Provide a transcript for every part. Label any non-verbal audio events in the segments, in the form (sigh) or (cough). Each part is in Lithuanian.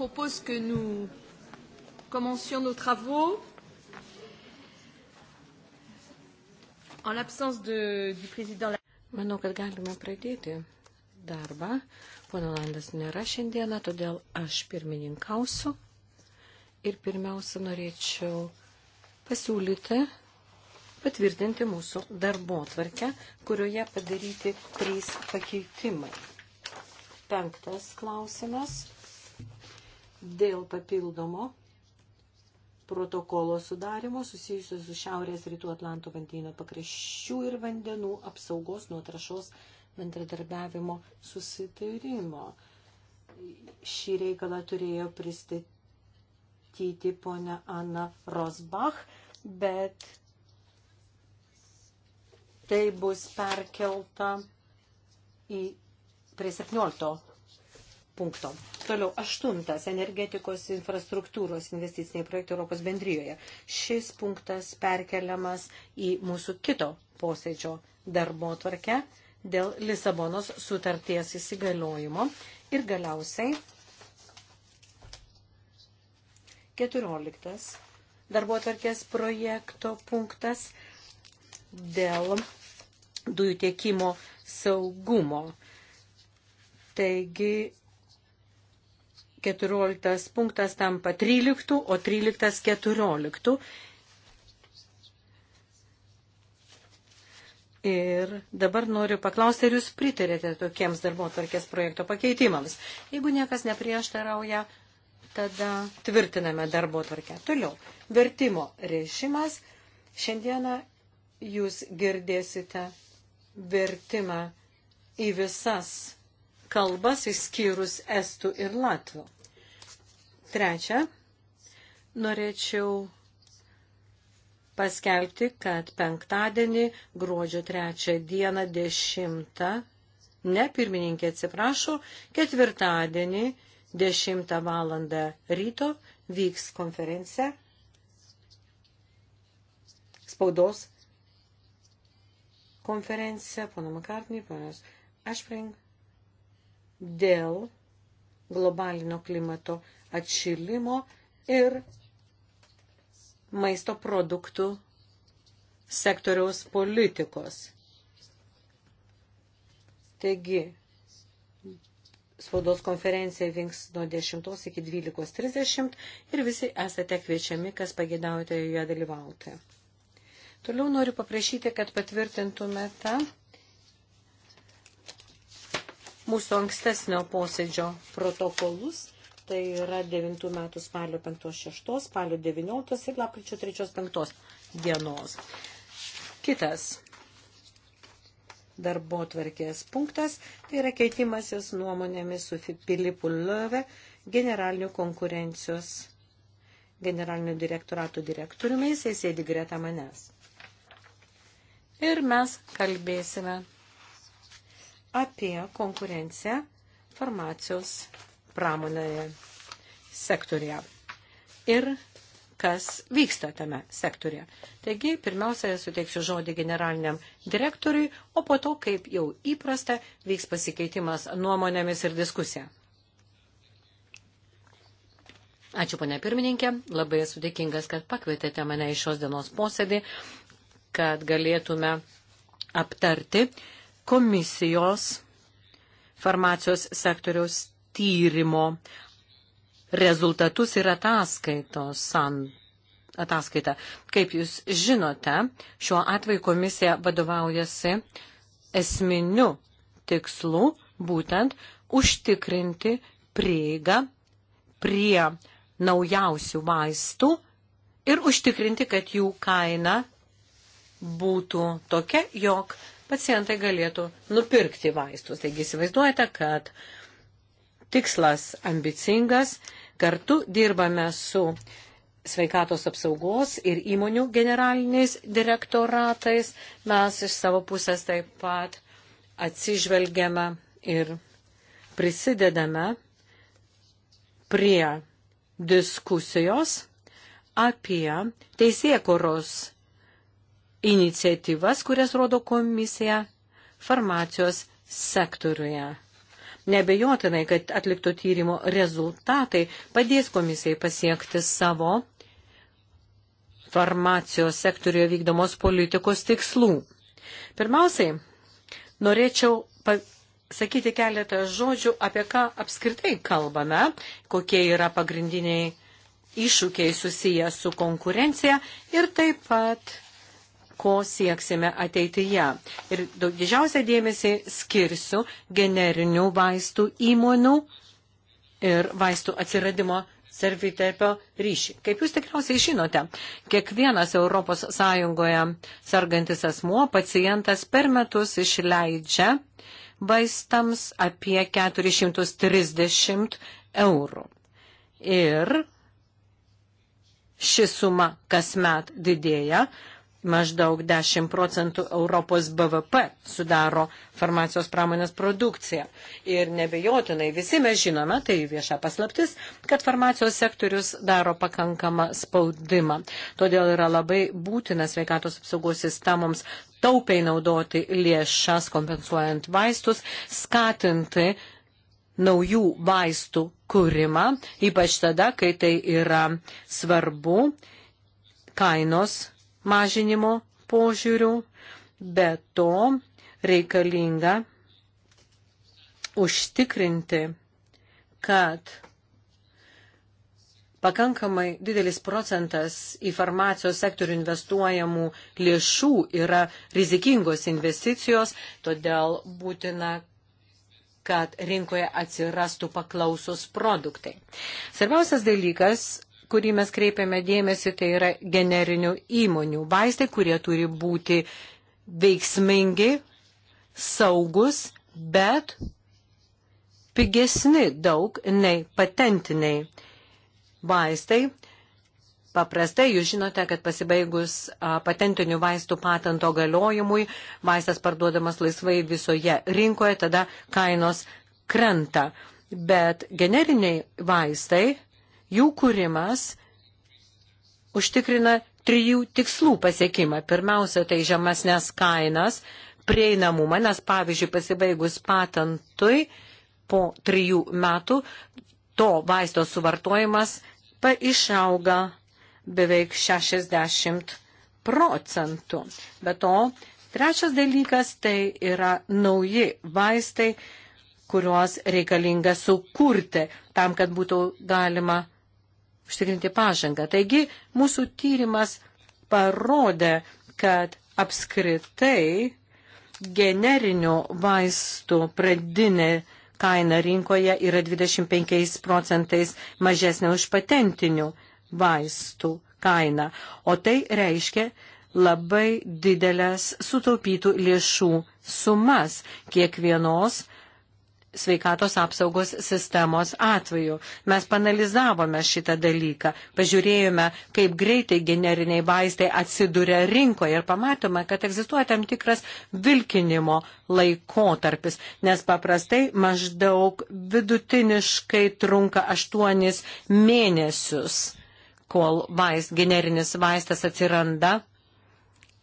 propose que nous commencions nos travaux. En l'absence du président. Manau, kad galime pradėti darbą. Pono Landas nėra šiandieną, todėl aš pirmininkausiu. Ir pirmiausia, norėčiau pasiūlyti patvirtinti mūsų darbo tvarkę, kurioje padaryti trys pakeitimai. Penktas klausimas dėl papildomo protokolo sudarimo susijusio su Šiaurės rytų Atlanto vandenyno pakraščių ir vandenų apsaugos nuo trašos bendradarbiavimo susitarimo. Šį reikalą turėjo pristatyti ponia Anna Rosbach, bet tai bus perkelta į prie 17 punkto. Toliau, aštuntas – energetikos infrastruktūros investiciniai projektai Europos bendrijoje. Šis punktas perkeliamas į mūsų kito posėdžio darbo tvarkę dėl Lisabonos sutarties įsigaliojimo. Ir galiausiai 14 darbo tvarkės projekto punktas dėl dujų tiekimo saugumo. Taigi 14 punktas tampa 13, o 13 14. Ir dabar noriu paklausti, ar jūs pritarėte tokiems darbo tvarkės projekto pakeitimams. Jeigu niekas neprieštarauja, tada tvirtiname darbo tvarkę. Toliau, vertimo režimas. Šiandieną jūs girdėsite vertimą į visas kalbas, išskyrus estų ir latvų. Trečia, norėčiau paskelbti, kad penktadienį gruodžio trečią dieną dešimtą, ne pirmininkė atsiprašau, ketvirtadienį dešimtą valandą ryto vyks konferencija spaudos konferencija, pono Makartnį, ponios Ašpring dėl globalinio klimato atšilimo ir maisto produktų sektoriaus politikos. Taigi, spaudos konferencija vyks nuo 10 iki 12.30 ir visi esate kviečiami, kas pagėdaujate joje dalyvauti. Toliau noriu paprašyti, kad patvirtintumėte mūsų ankstesnio posėdžio protokolus. Tai yra 9 metų spalio 5-6, spalio 19 ir lapkričio 3-5 dienos. Kitas darbo tvarkės punktas tai yra keitimasis nuomonėmis su Filipu Löve, generaliniu konkurencijos generaliniu direktorato direktoriumi, jisai sėdi greta manęs. Ir mes kalbėsime apie konkurenciją farmacijos pramonėje sektorija ir kas vyksta tame sektorija. Taigi, pirmiausia, suteiksiu žodį generaliniam direktoriui, o po to, kaip jau įprasta, vyks pasikeitimas nuomonėmis ir diskusija. Ačiū, ponia pirmininkė, labai esu dėkingas, kad pakvietėte mane į šios dienos posėdį, kad galėtume aptarti uh, komisijos farmacijos sektoriaus tyrimo rezultatus ir ataskaitos sant ataskaitą. Kaip jūs žinote, šiuo atveju komisija vadovaujasi esminiu tikslu būtent užtikrinti prieigą prie naujausių vaistų ir užtikrinti, kad jų kaina būtų tokia, jog pacientai galėtų nupirkti vaistus. Taigi įsivaizduojate, kad tikslas ambicingas, kartu dirbame su sveikatos apsaugos ir įmonių generaliniais direktoratais. Mes iš savo pusės taip pat atsižvelgiame ir prisidedame prie diskusijos apie teisėkuros iniciatyvas, kurias rodo komisija farmacijos sektoriuje. Nebejotinai, kad atlikto tyrimo rezultatai padės komisijai pasiekti savo farmacijos sektoriuje vykdomos politikos tikslų. Pirmiausiai, norėčiau pasakyti keletą žodžių, apie ką apskritai kalbame, kokie yra pagrindiniai iššūkiai susiję su konkurencija ir taip pat ko sieksime ateityje. Ir didžiausią dėmesį skirsiu generinių vaistų įmonių ir vaistų atsiradimo servitepio ryšį. Kaip jūs tikriausiai žinote, kiekvienas ES sargantis asmuo pacientas per metus išleidžia vaistams apie 430 eurų. Ir ši suma kasmet didėja, maždaug 10 procentų Europos BVP sudaro farmacijos pramonės produkcija. Ir nebejotinai visi mes žinome, tai vieša paslaptis, kad farmacijos sektorius daro pakankamą spaudimą. Todėl yra labai būtina sveikatos apsaugos sistemoms taupiai naudoti lėšas, kompensuojant vaistus, skatinti naujų vaistų kūrimą, ypač tada, kai tai yra svarbu kainos mažinimo požiūrių, bet to reikalinga užtikrinti, kad pakankamai didelis procentas į farmacijos sektorių investuojamų lėšų yra rizikingos investicijos, todėl būtina, kad rinkoje atsirastų paklausos produktai. Svarbiausias dalykas kurį mes kreipiame dėmesį, tai yra generinių įmonių vaistai, kurie turi būti veiksmingi, saugus, bet pigesni daug nei patentiniai vaistai. Paprastai jūs žinote, kad pasibaigus patentinių vaistų patento galiojimui, vaistas parduodamas laisvai visoje rinkoje, tada kainos krenta. Bet generiniai vaistai Jų kūrimas užtikrina trijų tikslų pasiekimą. Pirmiausia, tai žemesnės kainas, prieinamumą, nes pavyzdžiui, pasibaigus patentui po trijų metų to vaisto suvartojimas išauga beveik 60 procentų. Be to, trečias dalykas tai yra nauji vaistai, kuriuos reikalinga sukurti tam, kad būtų galima užtikrinti pažangą. Taigi, mūsų tyrimas parodė, kad apskritai generinių vaistų pradinė kaina rinkoje yra 25 procentais mažesnė už patentinių vaistų kainą. O tai reiškia labai didelės sutaupytų lėšų sumas kiekvienos sveikatos apsaugos sistemos atveju. Mes panalizavome šitą dalyką, pažiūrėjome, kaip greitai generiniai vaistai atsiduria rinkoje ir pamatome, kad egzistuoja tam tikras vilkinimo laikotarpis, nes paprastai maždaug vidutiniškai trunka 8 mėnesius, kol vaist, generinis vaistas atsiranda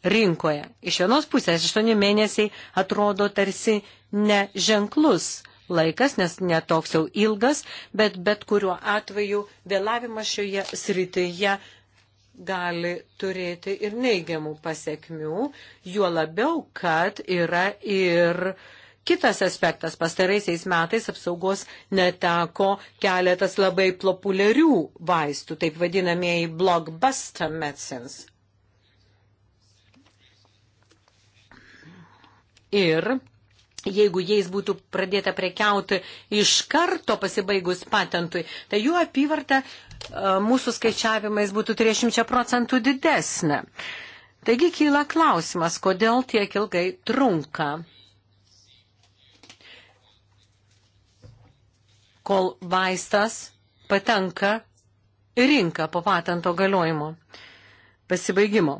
rinkoje. Iš vienos pusės 8 mėnesiai atrodo tarsi neženklus laikas, nes netoks jau ilgas, bet bet kuriuo atveju vėlavimas šioje srityje gali turėti ir neigiamų pasiekmių, juo labiau, kad yra ir Kitas aspektas pastaraisiais metais apsaugos neteko keletas labai populiarių vaistų, taip vadinamieji blockbuster medicines. Ir jeigu jais būtų pradėta prekiauti iš karto pasibaigus patentui, tai jų apyvarta e, mūsų skaičiavimais būtų 30 procentų didesnė. Taigi kyla klausimas, kodėl tiek ilgai trunka, kol vaistas patenka į rinką po patento galiojimo pasibaigimo.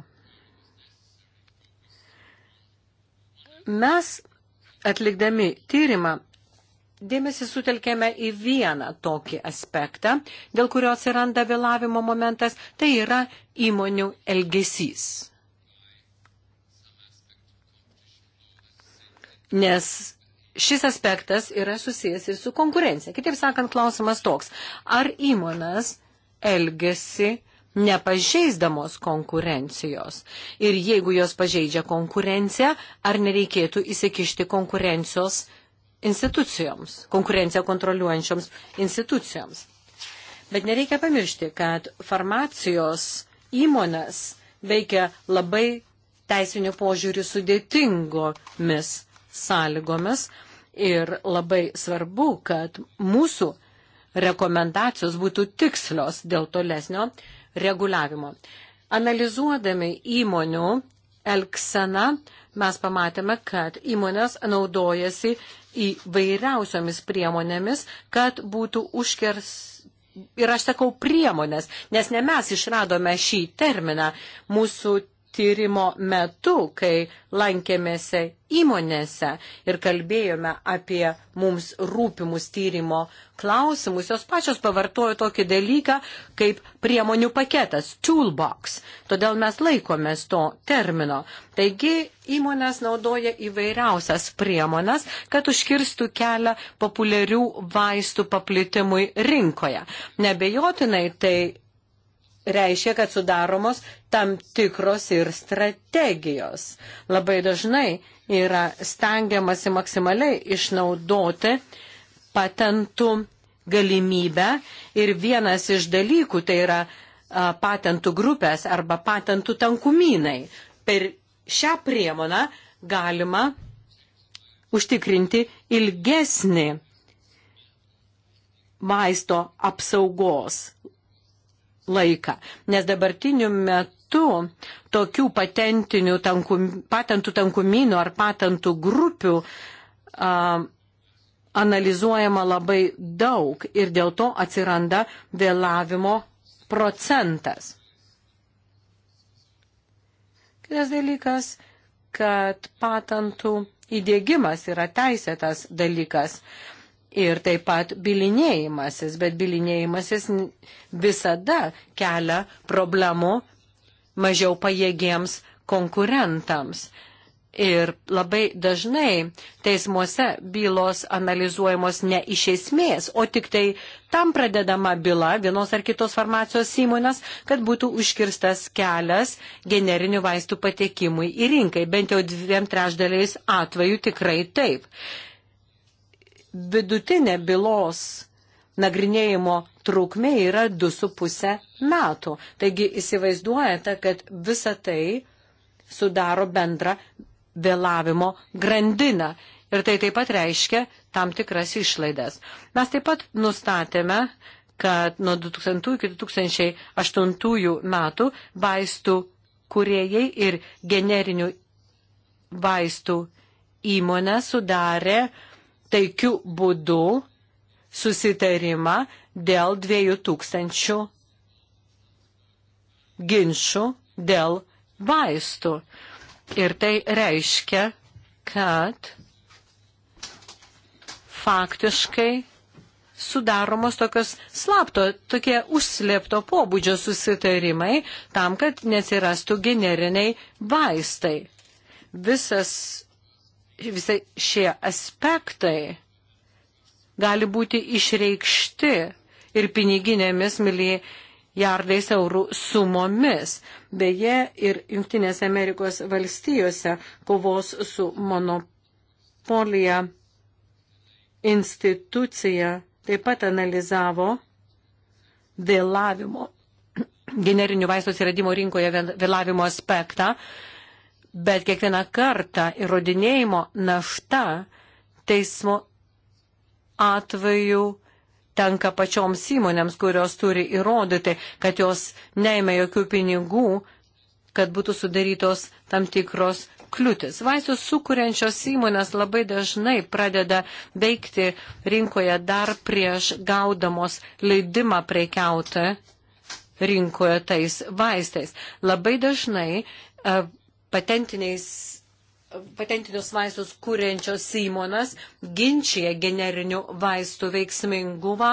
Mes atlikdami tyrimą dėmesį sutelkėme į vieną tokį aspektą, dėl kurio atsiranda vėlavimo momentas, tai yra įmonių elgesys. Nes šis aspektas yra susijęs ir su konkurencija. Kitaip sakant, klausimas toks, ar įmonas elgesi uh, nepažeisdamos konkurencijos. Ir jeigu jos pažeidžia konkurenciją, ar nereikėtų įsikišti konkurencijos institucijoms, konkurenciją kontroliuojančioms institucijoms. Bet nereikia pamiršti, kad farmacijos įmonės veikia labai teisinių požiūrių sudėtingomis sąlygomis ir labai svarbu, kad mūsų rekomendacijos būtų tikslios dėl tolesnio reguliavimo. Analizuodami įmonių elkseną, mes pamatėme, kad įmonės naudojasi įvairiausiomis priemonėmis, kad būtų užkers. Ir aš sakau priemonės, nes ne mes išradome šį terminą. Mūsų tyrimo metu, kai lankėmėse įmonėse ir kalbėjome apie mums rūpimus tyrimo klausimus, jos pačios pavartojo tokį dalyką kaip priemonių paketas, toolbox. Todėl mes laikomės to termino. Taigi įmonės naudoja įvairiausias priemonas, kad užkirstų kelią populiarių vaistų paplitimui rinkoje. Nebejotinai tai reiškia, kad sudaromos tam tikros ir strategijos. Labai dažnai yra stengiamasi maksimaliai išnaudoti patentų galimybę ir vienas iš dalykų tai yra patentų grupės arba patentų tankumynai. Per šią priemoną galima užtikrinti ilgesnį vaisto apsaugos laiką, nes dabartiniu metu tokių patentinių tankum, patentų tankumynų ar patentų grupių a, analizuojama labai daug ir dėl to atsiranda vėlavimo procentas. Kitas dalykas, kad patentų įdėgymas yra teisėtas dalykas ir taip pat bilinėjimasis, bet bilinėjimasis visada kelia problemų mažiau pajėgiems konkurentams. Ir labai dažnai teismuose bylos analizuojamos ne iš esmės, o tik tai tam pradedama byla vienos ar kitos farmacijos įmonės, kad būtų užkirstas kelias generinių vaistų patekimui į rinkai. Bent jau dviem trešdaliais atveju tikrai taip vidutinė bylos nagrinėjimo trukmė yra 2,5 metų. Taigi įsivaizduojate, kad visa tai sudaro bendrą vėlavimo grandiną. Ir tai taip pat reiškia tam tikras išlaidas. Mes taip pat nustatėme, kad nuo 2000 iki 2008 metų vaistų kuriejai ir generinių vaistų įmonė sudarė uh, taikių būdų susitarimą dėl 2000 ginčių dėl vaistų. Ir tai reiškia, kad faktiškai sudaromos tokios slapto, tokie užslėpto pobūdžio susitarimai tam, kad nesirastų generiniai vaistai. Visas visai šie aspektai gali būti išreikšti ir piniginėmis milijardais eurų sumomis. Beje, ir Junktinės Amerikos valstijose kovos su monopolija institucija taip pat analizavo vėlavimo, (clears throat) generinių vaistų atsiradimo rinkoje vėlavimo aspektą Bet kiekvieną kartą įrodinėjimo našta teismo atveju tenka pačioms įmonėms, kurios turi įrodyti, kad jos neima jokių pinigų, kad būtų sudarytos tam tikros kliūtis. Vaistus sukūrenčios įmonės labai dažnai pradeda veikti rinkoje dar prieš gaudamos leidimą prekiauti rinkoje tais vaistais. Labai dažnai e, patentinius vaistus kūrenčios įmonas ginčia generinių vaistų veiksmingumą,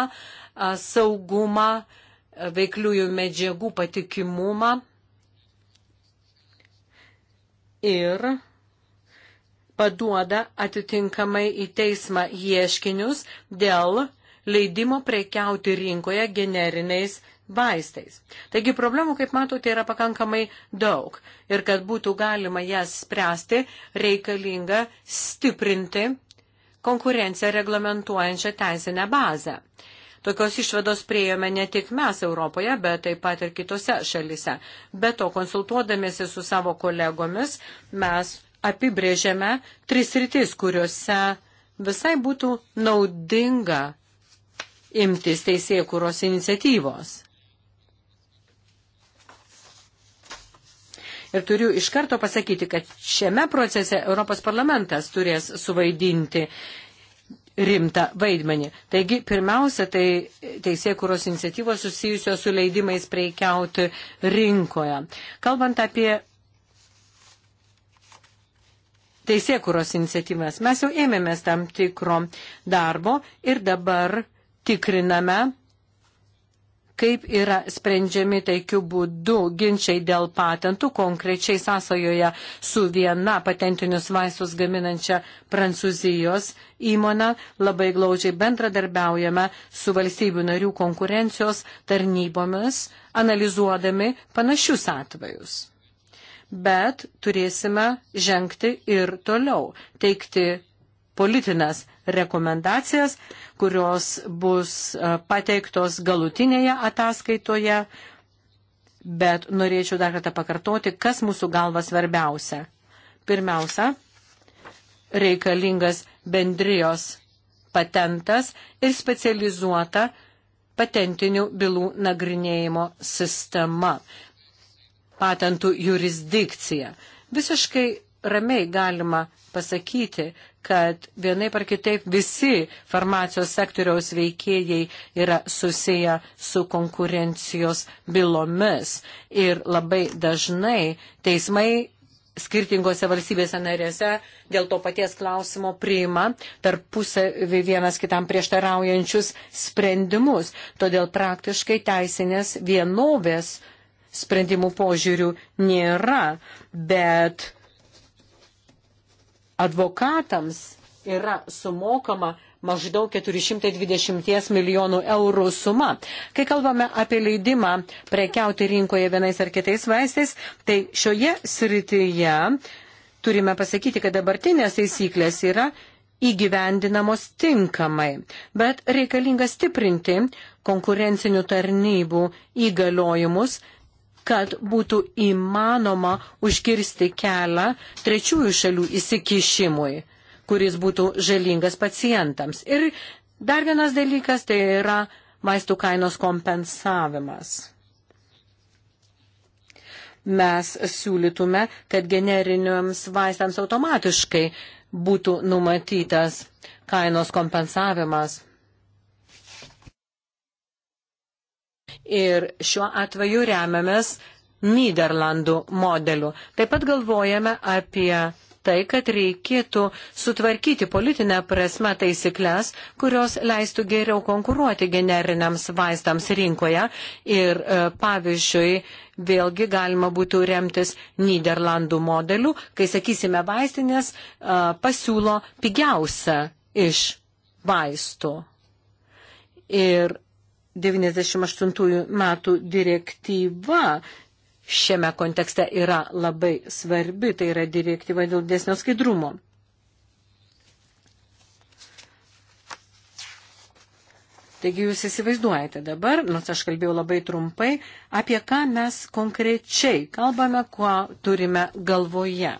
saugumą, veikliųjų medžiagų patikimumą ir paduoda atitinkamai į teismą ieškinius dėl leidimo prekiauti rinkoje generiniais vaistais. Taigi problemų, kaip matote, yra pakankamai daug ir kad būtų galima jas spręsti, reikalinga stiprinti konkurenciją reglamentuojančią teisinę bazę. Tokios išvados priejome ne tik mes Europoje, bet taip pat ir kitose šalise. Be to, konsultuodamėsi su savo kolegomis, mes apibrėžėme tris rytis, kuriuose visai būtų naudinga imtis teisėjų kūros iniciatyvos. Ir turiu iš karto pasakyti, kad šiame procese Europos parlamentas turės suvaidinti rimtą vaidmenį. Taigi, pirmiausia, tai teisėkuros iniciatyvos susijusios su leidimais preikiauti rinkoje. Kalbant apie teisėkuros iniciatyvas, mes jau ėmėmės tam tikro darbo ir dabar tikriname kaip yra sprendžiami taikių būdų ginčiai dėl patentų, konkrečiai sąsojoje su viena patentinius vaistus gaminančia Prancūzijos įmona. Labai glaudžiai bendradarbiaujame su valstybių narių konkurencijos tarnybomis, analizuodami panašius atvejus. Bet turėsime žengti ir toliau, teikti politinės rekomendacijas, kurios bus e, pateiktos galutinėje ataskaitoje, bet norėčiau dar kartą pakartoti, kas mūsų galva svarbiausia. Pirmiausia, reikalingas bendrijos patentas ir specializuota patentinių bylų nagrinėjimo sistema, patentų jurisdikcija. Visiškai ramiai galima pasakyti, kad vienai par kitaip visi farmacijos sektoriaus veikėjai yra susiję su konkurencijos bylomis ir labai dažnai teismai skirtingose valstybėse narėse dėl to paties klausimo priima tarpusą vienas kitam prieštaraujančius sprendimus. Todėl praktiškai teisinės vienovės sprendimų požiūrių nėra, bet advokatams yra sumokama maždaug 420 milijonų eurų suma. Kai kalbame apie leidimą prekiauti rinkoje vienais ar kitais vaistais, tai šioje srityje turime pasakyti, kad dabartinės taisyklės yra įgyvendinamos tinkamai, bet reikalinga stiprinti konkurencinių tarnybų įgaliojimus kad būtų įmanoma užkirsti kelią trečiųjų šalių įsikišimui, kuris būtų žalingas pacientams. Ir dar vienas dalykas tai yra vaistų kainos kompensavimas. Mes siūlytume, kad generiniams vaistams automatiškai būtų numatytas kainos kompensavimas Ir šiuo atveju remiamės Niderlandų modeliu. Taip pat galvojame apie tai, kad reikėtų sutvarkyti politinę prasme taisyklės, kurios leistų geriau konkuruoti generiniams vaistams rinkoje. Ir e, pavyzdžiui, vėlgi galima būtų remtis Niderlandų modeliu, kai, sakysime, vaistinės e, pasiūlo pigiausią iš vaistų. Ir 98 metų direktyva šiame kontekste yra labai svarbi, tai yra direktyva dėl dėsnio skaidrumo. Taigi jūs įsivaizduojate dabar, nors aš kalbėjau labai trumpai, apie ką mes konkrečiai kalbame, kuo turime galvoje.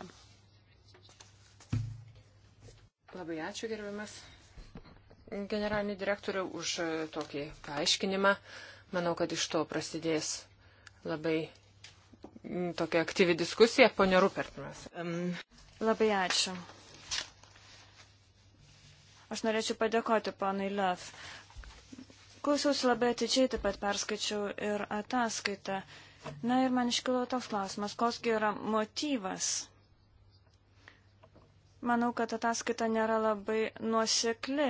Labai ačiū, gerbiamas generalinį direktorių už e, tokį paaiškinimą. Manau, kad iš to prasidės labai tokia aktyvi diskusija. Pone Rupertinas. Labai ačiū. Aš norėčiau padėkoti ponui Lev. Klausiausi labai atidžiai, taip pat perskaičiau ir ataskaitą. Na ir man iškilo toks klausimas, kosgi yra motyvas. Manau, kad ataskaita nėra labai nuosekli.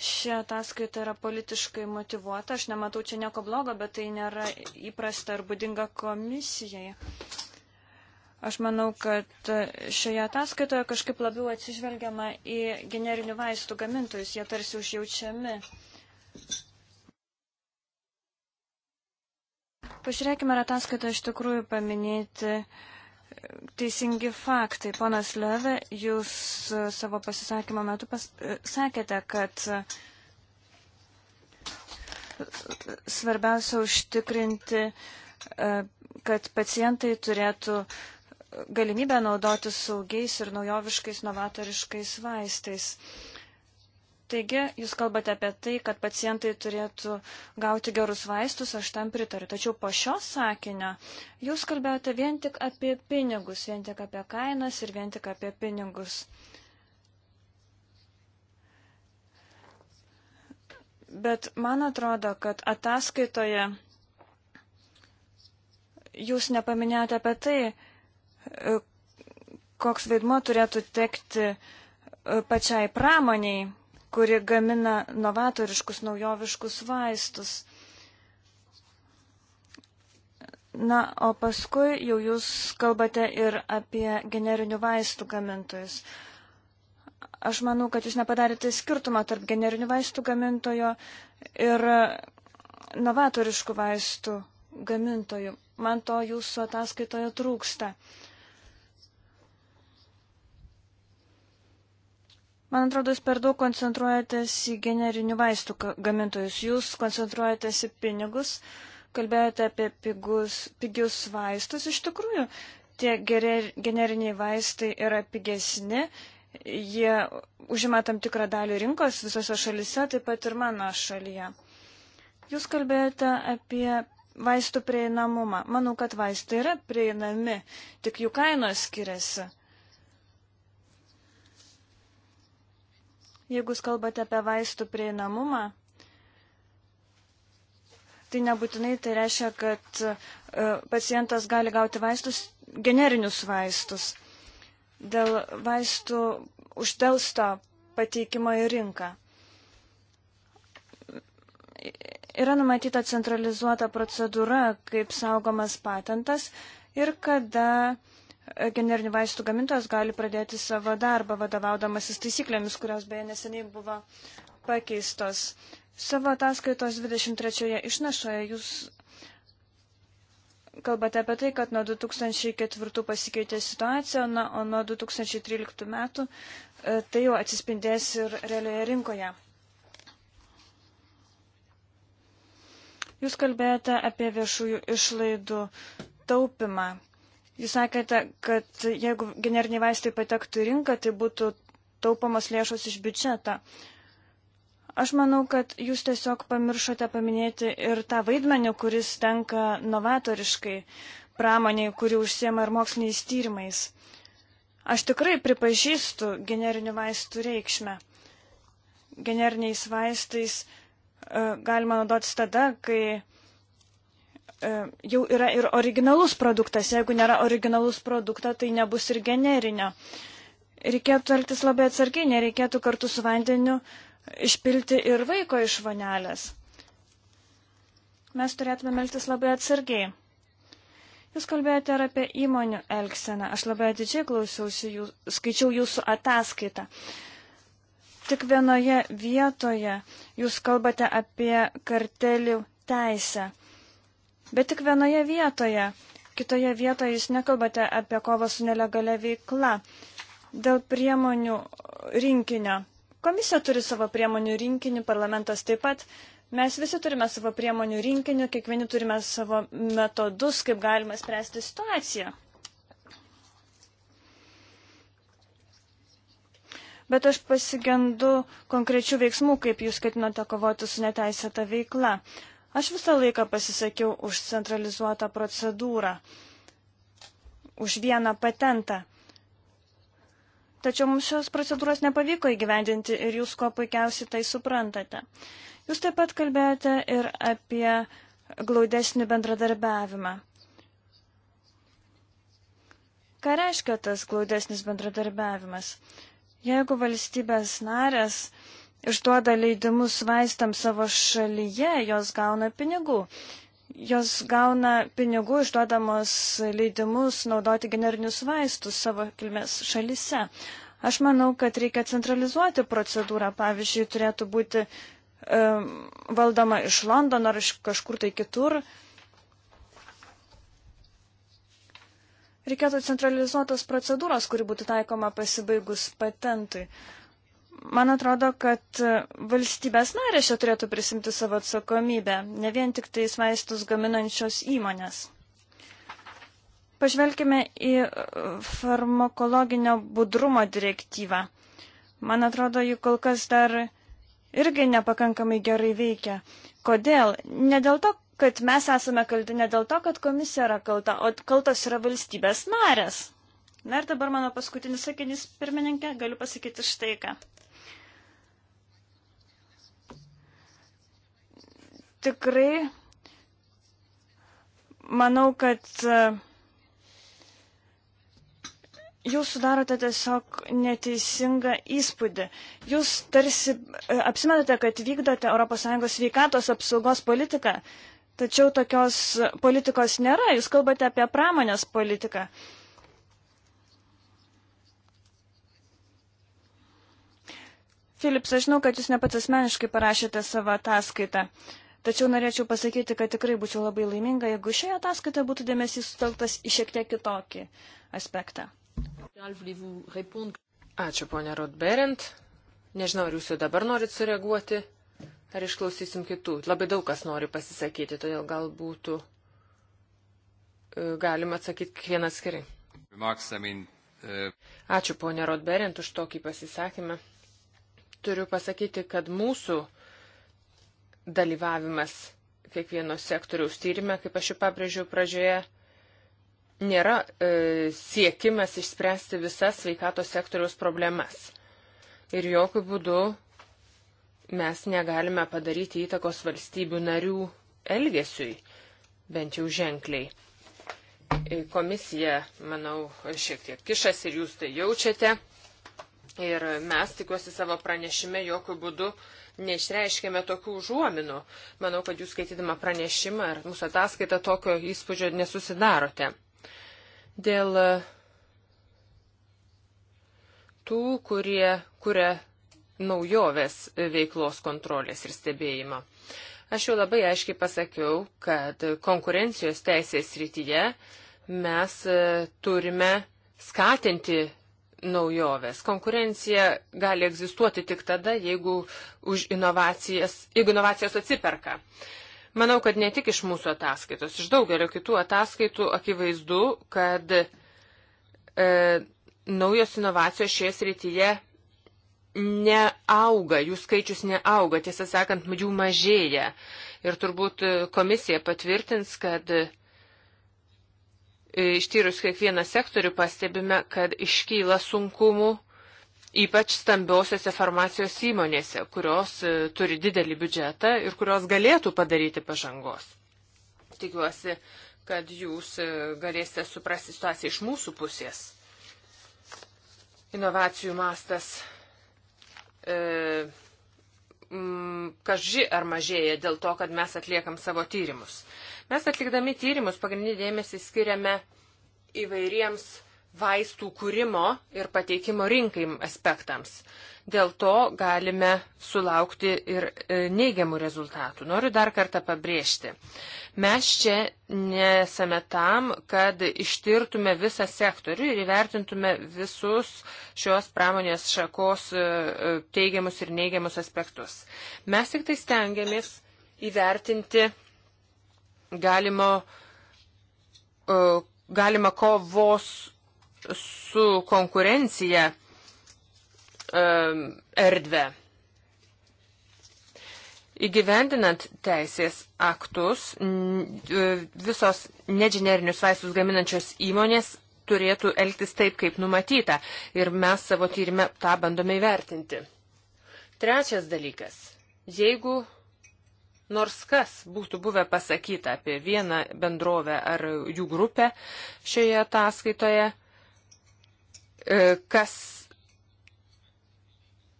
Ši ataskaita yra politiškai motivuota, aš nematau čia nieko blogo, bet tai nėra įprasta ar būdinga komisijai. Aš manau, kad šioje ataskaitoje kažkaip labiau atsižvelgiama į generinių vaistų gamintojus, jie tarsi užjaučiami. Pažiūrėkime, ar ataskaitoje iš tikrųjų paminėti uh, teisingi faktai. Ponas Leve, jūs e, savo pasisakymo metu pas, e, sakėte, kad e, svarbiausia užtikrinti, kad pacientai turėtų galimybę naudoti saugiais ir naujoviškais, novatoriškais vaistais. Uh, Taigi, jūs kalbate apie tai, kad pacientai turėtų gauti gerus vaistus, aš tam pritariu. Tačiau po šio sakinio jūs kalbėjote vien tik apie pinigus, vien tik apie kainas ir vien tik apie pinigus. Bet man atrodo, kad ataskaitoje jūs nepaminėjote apie tai, koks vaidmo turėtų tekti e, pačiai pramoniai, kuri gamina novatoriškus, naujoviškus vaistus. Na, o paskui jau jūs kalbate ir apie generinių vaistų gamintojus. Aš manau, kad jūs nepadarėte skirtumą tarp generinių vaistų gamintojo ir novatoriškų vaistų gamintojų. Man to jūsų ataskaitoje trūksta. Uh, Man atrodo, jūs per daug koncentruojatės į generinių vaistų gamintojus. Jūs koncentruojatės į pinigus, kalbėjote apie pigus, pigius vaistus. Iš tikrųjų, tie gerer, generiniai vaistai yra pigesni, jie užima tam tikrą dalį rinkos visose šalise, taip pat ir mano šalyje. Jūs kalbėjote apie vaistų prieinamumą. Manau, kad vaistai yra prieinami, tik jų kainos skiriasi. Jeigu jūs kalbate apie vaistų prieinamumą, tai nebūtinai tai reiškia, kad e, pacientas gali gauti vaistus, generinius vaistus. Dėl vaistų uždelsto pateikimo į rinką. Yra numatyta centralizuota procedūra, kaip saugomas patentas ir kada uh, generinių vaistų gamintojas gali pradėti savo darbą vadovaudamasis taisyklėmis, kurios beje neseniai buvo pakeistos. Savo ataskaitos 23 išnašoje jūs kalbate apie tai, kad nuo 2004 pasikeitė situacija, na, o nuo 2013 metų e, tai jau atsispindės ir realioje rinkoje. Jūs kalbėjote apie viešųjų išlaidų taupimą. Jūs sakėte, kad jeigu generiniai vaistai patektų į rinką, tai būtų taupamos lėšos iš biudžeto. Aš manau, kad jūs tiesiog pamiršote paminėti ir tą vaidmenį, kuris tenka novatoriškai pramoniai, kuri užsiema ir moksliniais tyrimais. Aš tikrai pripažįstu generinių vaistų reikšmę. Generiniais vaistais e, galima naudotis tada, kai E, jau yra ir originalus produktas. Jeigu nėra originalus produktas, tai nebus ir generinio. Reikėtų elgtis labai atsargiai, nereikėtų kartu su vandeniu išpilti ir vaiko iš vanelės. Mes turėtume elgtis labai atsargiai. Jūs kalbėjote ir apie įmonių elgseną. Aš labai atidžiai klausiausi, jūs, skaičiau jūsų ataskaitą. Tik vienoje vietoje jūs kalbate apie kartelių teisę bet tik vienoje vietoje. Kitoje vietoje jūs nekalbate apie kovą su nelegalia veikla dėl priemonių rinkinio. Komisija turi savo priemonių rinkinį, parlamentas taip pat. Mes visi turime savo priemonių rinkinį, kiekvieni turime savo metodus, kaip galima spręsti situaciją. bet aš pasigendu konkrečių veiksmų, kaip jūs ketinate kovoti su neteisėta veikla. Aš visą laiką pasisakiau už centralizuotą procedūrą, už vieną patentą. Tačiau mums šios procedūros nepavyko įgyvendinti ir jūs kuo puikiausiai tai suprantate. Jūs taip pat kalbėjote ir apie glaudesnį bendradarbiavimą. Ką reiškia tas glaudesnis bendradarbiavimas? Jeigu valstybės narės uh, išduoda leidimus vaistams savo šalyje, jos gauna pinigų. Jos gauna pinigų išduodamos leidimus naudoti generinius vaistus savo kilmės šalyse. Aš manau, kad reikia centralizuoti procedūrą. Pavyzdžiui, turėtų būti um, valdoma iš Londono ar iš kažkur tai kitur. Reikėtų centralizuotos procedūros, kuri būtų taikoma pasibaigus patentui. Uh, Man atrodo, kad valstybės narės čia turėtų prisimti savo atsakomybę, ne vien tik tais vaistus gaminančios įmonės. Pažvelkime į farmakologinio budrumo direktyvą. Man atrodo, jų kol kas dar irgi nepakankamai gerai veikia. Kodėl? Ne dėl to, kad mes esame kalti, ne dėl to, kad komisija yra kalta, o kaltos yra valstybės narės. Na ir dabar mano paskutinis sakinys, pirmininkė, galiu pasakyti štai ką. tikrai manau, kad e, jūs sudarote tiesiog neteisingą įspūdį. Jūs tarsi e, apsimetate, kad vykdote ES veikatos apsaugos politiką, tačiau tokios politikos nėra. Jūs kalbate apie pramonės politiką. Filips, aš žinau, kad jūs ne pats asmeniškai parašėte savo ataskaitą. Uh, Tačiau norėčiau pasakyti, kad tikrai būčiau labai laiminga, jeigu šioje ataskaitoje būtų dėmesys sutelktas į šiek tiek kitokį aspektą. Ačiū, ponė Rodberent. Nežinau, ar jūs jau dabar norit sureaguoti, ar išklausysim kitų. Labai daug kas nori pasisakyti, todėl gal būtų e, galima atsakyti kiekvieną skiriai. E, Ačiū, ponė Rodberent, už tokį pasisakymą. Turiu pasakyti, kad mūsų uh, dalyvavimas kiekvieno sektoriaus tyrimė, kaip aš jau pabrėžiau pradžioje, nėra e, siekimas išspręsti visas sveikato sektoriaus problemas. Ir jokių būdų mes negalime padaryti įtakos valstybių narių elgesiui, bent jau ženkliai. E, komisija, manau, šiek tiek kišas ir jūs tai jaučiate. Ir mes, tikiuosi, savo pranešime jokių būdų neišreiškėme tokių užuominų. Manau, kad jūs skaitydama pranešimą ar mūsų ataskaitą tokio įspūdžio nesusidarote. Dėl e, tų, kurie kuria naujoves veiklos kontrolės ir stebėjimo. Aš jau labai aiškiai pasakiau, kad konkurencijos teisės rytyje mes e, turime skatinti naujoves. Konkurencija gali egzistuoti tik tada, jeigu, inovacijas, jeigu inovacijos atsiperka. Manau, kad ne tik iš mūsų ataskaitos, iš daugelio kitų ataskaitų akivaizdu, kad e, naujos inovacijos šioje srityje neauga, jų skaičius neauga, tiesą sakant, jų mažėja. Ir turbūt e, komisija patvirtins, kad e, E, ištyrus kiekvieną sektorių pastebime, kad iškyla sunkumų ypač stambiausiose farmacijos įmonėse, kurios e, turi didelį biudžetą ir kurios galėtų padaryti pažangos. Tikiuosi, kad jūs e, galėsite suprasti situaciją iš mūsų pusės. Inovacijų mastas. E, Kažži ar mažėja dėl to, kad mes atliekam savo tyrimus. Mes atlikdami tyrimus pagrindinį dėmesį skiriame įvairiems vaistų kūrimo ir pateikimo rinkai aspektams. Dėl to galime sulaukti ir e, neigiamų rezultatų. Noriu dar kartą pabrėžti. Mes čia nesame tam, kad ištirtume visą sektorių ir įvertintume visus šios pramonės šakos e, e, teigiamus ir neigiamus aspektus. Mes tik tai stengiamės įvertinti galimo, e, galima kovos su konkurencija e, erdvę. Įgyvendinant teisės aktus, e, visos nežinerinius vaistus gaminančios įmonės turėtų elgtis taip, kaip numatyta. Ir mes savo tyrimę tą bandome įvertinti. Trečias dalykas. Jeigu nors kas būtų buvę pasakyta apie vieną bendrovę ar jų grupę šioje ataskaitoje, e, kas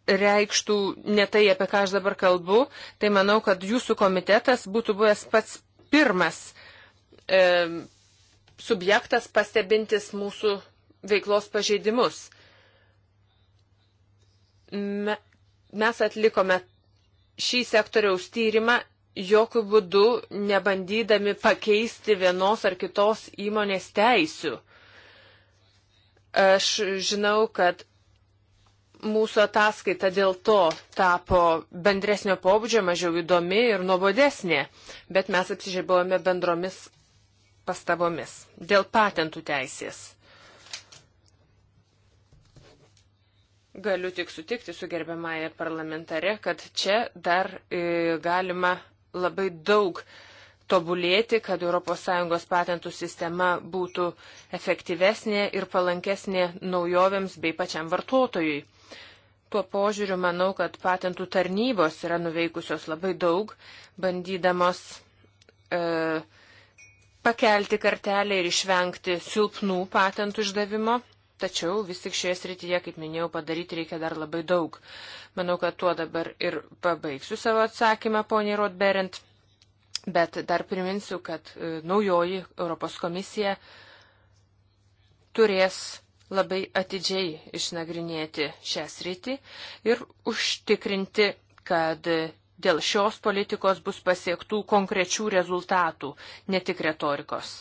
reikštų ne tai, apie ką aš dabar kalbu, tai manau, kad jūsų komitetas būtų buvęs pats pirmas e, subjektas pastebintis mūsų veiklos pažeidimus. Me, mes atlikome šį sektoriaus tyrimą jokių būdų nebandydami pakeisti vienos ar kitos įmonės teisių. Aš žinau, kad mūsų ataskaita dėl to tapo bendresnio pobūdžio, mažiau įdomi ir nuobodesnė, bet mes apsižiūrėjome bendromis pastabomis dėl patentų teisės. Galiu tik sutikti su gerbiamąją parlamentare, kad čia dar e, galima labai daug tobulėti, kad ES patentų sistema būtų efektyvesnė ir palankesnė naujovėms bei pačiam vartotojui. Tuo požiūriu manau, kad patentų tarnybos yra nuveikusios labai daug, bandydamos e, pakelti kartelę ir išvengti silpnų patentų išdavimo Tačiau vis tik šioje srityje, kaip minėjau, padaryti reikia dar labai daug. Manau, kad tuo dabar ir pabaigsiu savo atsakymą, poniai Rodberint. Bet dar priminsiu, kad e, naujoji Europos komisija turės labai atidžiai išnagrinėti šią sritį ir užtikrinti, kad dėl šios politikos bus pasiektų konkrečių rezultatų, ne tik retorikos.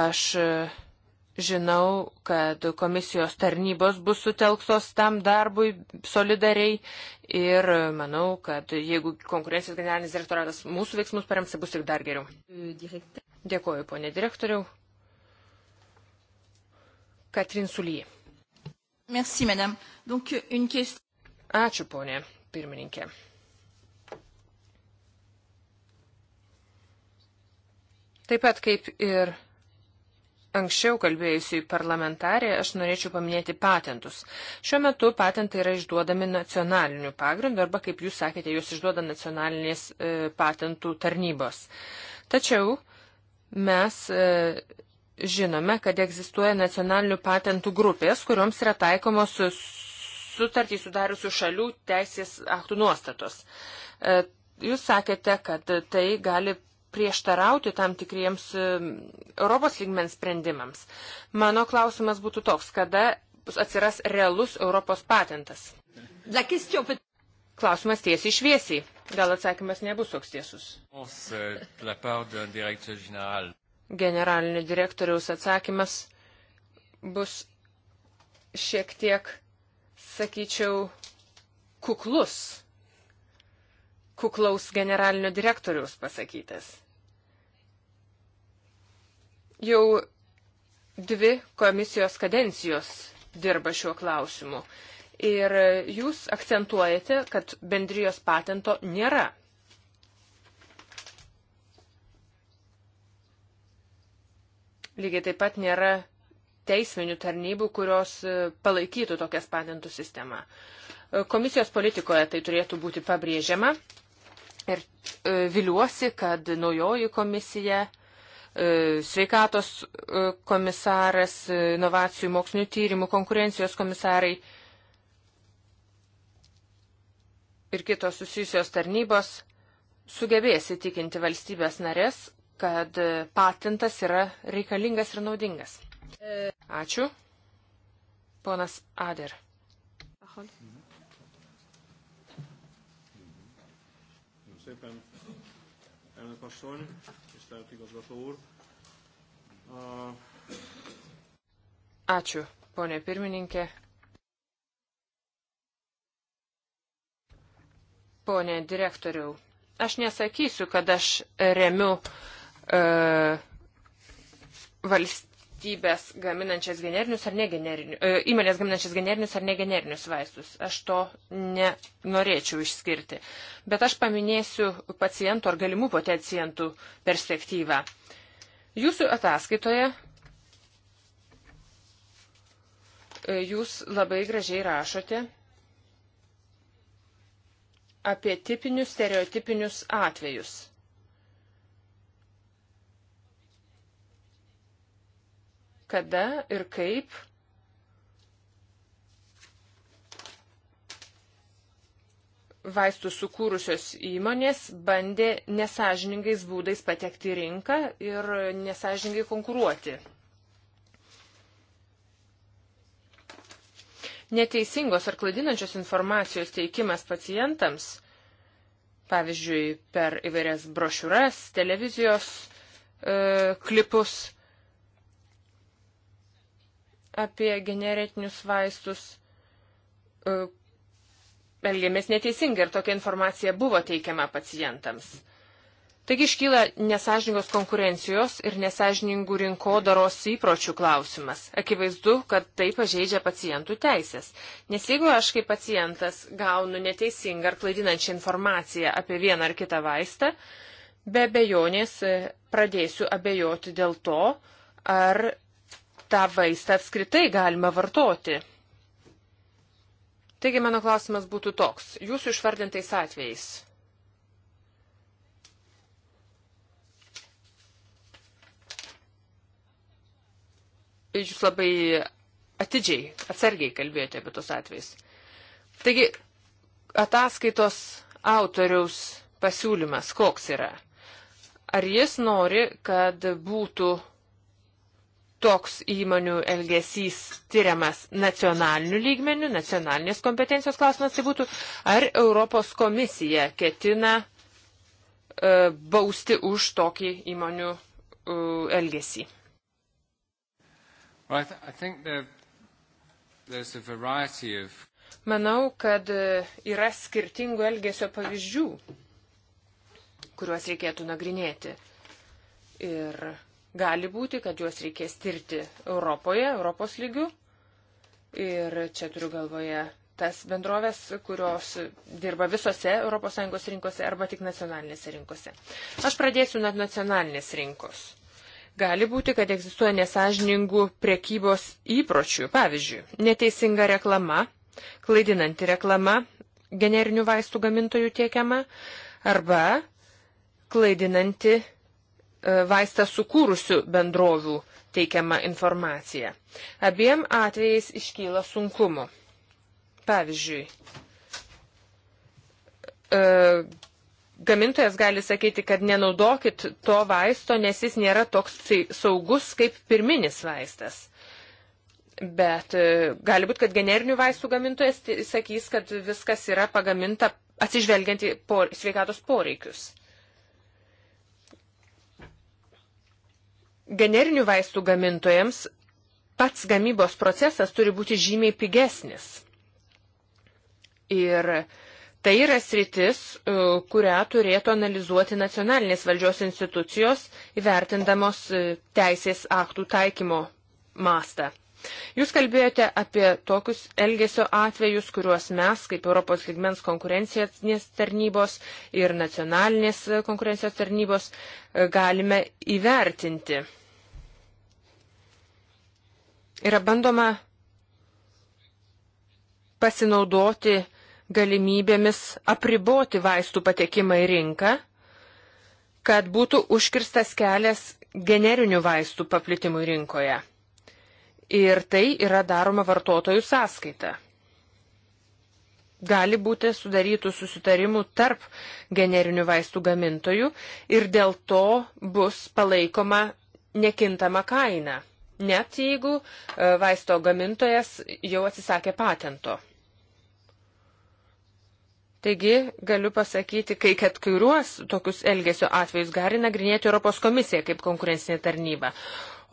Aš e, Žinau, kad komisijos tarnybos bus sutelktos tam darbui solidariai ir manau, kad jeigu konkurencijos generalinis direktoratas mūsų veiksmus parems, tai bus tik dar geriau. Dėkuoju, ponė direktoriau. Katrin Sulyje. Merci, madame. Donc, une question. Ačiū, ponė pirmininkė. Taip pat kaip ir anksčiau kalbėjusiai parlamentarė, aš norėčiau paminėti patentus. Šiuo metu patentai yra išduodami nacionaliniu pagrindu arba, kaip jūs sakėte, juos išduoda nacionalinės e, patentų tarnybos. Tačiau mes e, žinome, kad egzistuoja nacionalinių patentų grupės, kuriuoms yra taikomos sutartį sudariusių šalių teisės aktų nuostatos. E, jūs sakėte, kad tai gali prieštarauti tam tikriems e, Europos lygmens sprendimams. Mano klausimas būtų toks, kada atsiras realus Europos patentas? Klausimas tiesiai šviesiai. Gal atsakymas nebus toks tiesus. Euh, Generalinio direktoriaus atsakymas bus šiek tiek, sakyčiau, kuklus kuklaus generalinio direktoriaus pasakytas. Jau dvi komisijos kadencijos dirba šiuo klausimu. Ir jūs akcentuojate, kad bendrijos patento nėra. Lygiai taip pat nėra teisminių tarnybų, kurios e, palaikytų tokias patentų sistemą. E, komisijos politikoje tai turėtų būti pabrėžiama Ir e, viliuosi, kad naujoji komisija, e, sveikatos e, komisaras, inovacijų mokslinių tyrimų, konkurencijos komisarai ir kitos susijusios tarnybos sugebės įtikinti valstybės narės, kad patentas yra reikalingas ir naudingas. Ačiū. Ponas Ader. Aha. szépen, elnök asszony, tisztelt igazgató úr. Uh... Ačiū, ponė pirmininkė. Pone direktoriau, aš nesakysiu, kad aš remiu uh, valst, valstybės gaminančias generinius ar negenerinius, e, įmonės gaminančias generinius ar negenerinius vaistus. Aš to nenorėčiau išskirti. Bet aš paminėsiu pacientų ar galimų potencijantų perspektyvą. Jūsų ataskaitoje e, jūs labai gražiai rašote apie tipinius stereotipinius atvejus. kada ir kaip vaistų sukūrusios įmonės bandė nesažiningais būdais patekti į rinką ir nesažiningai konkuruoti. Neteisingos ar klaidinančios informacijos teikimas pacientams, pavyzdžiui, per įvairias brošiūras, televizijos e, klipus, apie generetinius vaistus, e, elgėmės neteisingai ir tokia informacija buvo teikiama pacientams. Taigi iškyla nesažiningos konkurencijos ir nesažiningų rinkodaros įpročių klausimas. Akivaizdu, kad tai pažeidžia pacientų teisės. Nes jeigu aš kaip pacientas gaunu neteisingą ar klaidinančią informaciją apie vieną ar kitą vaistą, be bejonės e, pradėsiu abejoti dėl to, ar tą vaistą apskritai galima vartoti. Taigi mano klausimas būtų toks. Jūsų išvardintais atvejais. Jūs labai atidžiai, atsargiai kalbėjote apie tos atvejus. Taigi, ataskaitos autoriaus pasiūlymas koks yra? Ar jis nori, kad būtų toks įmonių elgesys tyriamas nacionaliniu lygmeniu, nacionalinės kompetencijos klausimas tai būtų, ar Europos komisija ketina e, bausti už tokį įmonių e, elgesį. Well, there, of... Manau, kad e, yra skirtingų elgesio pavyzdžių, kuriuos reikėtų nagrinėti. Ir Gali būti, kad juos reikės tirti Europoje, Europos lygių. Ir čia turiu galvoje tas bendrovės, kurios dirba visose ES rinkose arba tik nacionalinėse rinkose. Aš pradėsiu nuo nacionalinės rinkos. Gali būti, kad egzistuoja nesažiningų prekybos įpročių, pavyzdžiui, neteisinga reklama, klaidinanti reklama generinių vaistų gamintojų tiekiama arba klaidinanti reklama E, vaistą sukūrusių bendrovių teikiama informacija. Abiem atvejais iškyla sunkumu. Pavyzdžiui, e, gamintojas gali sakyti, kad nenaudokit to vaisto, nes jis nėra toks saugus kaip pirminis vaistas. Bet e, gali būti, kad generinių vaistų gamintojas sakys, kad viskas yra pagaminta atsižvelgiant į por, sveikatos poreikius. generinių vaistų gamintojams pats gamybos procesas turi būti žymiai pigesnis. Ir tai yra sritis, e, kurią turėtų analizuoti nacionalinės valdžios institucijos, įvertindamos e, teisės aktų taikymo mastą. Jūs kalbėjote apie tokius elgesio atvejus, kuriuos mes, kaip Europos ligmens konkurencijos tarnybos ir nacionalinės konkurencijos tarnybos, e, galime įvertinti yra bandoma pasinaudoti galimybėmis apriboti vaistų patekimą į rinką, kad būtų užkirstas kelias generinių vaistų paplitimui rinkoje. Ir tai yra daroma vartotojų sąskaita. Gali būti sudarytų susitarimų tarp generinių vaistų gamintojų ir dėl to bus palaikoma nekintama kaina net jeigu e, vaisto gamintojas jau atsisakė patento. Taigi galiu pasakyti, kai kad kairuos tokius elgesio atvejus gali nagrinėti Europos komisija kaip konkurencinė tarnyba,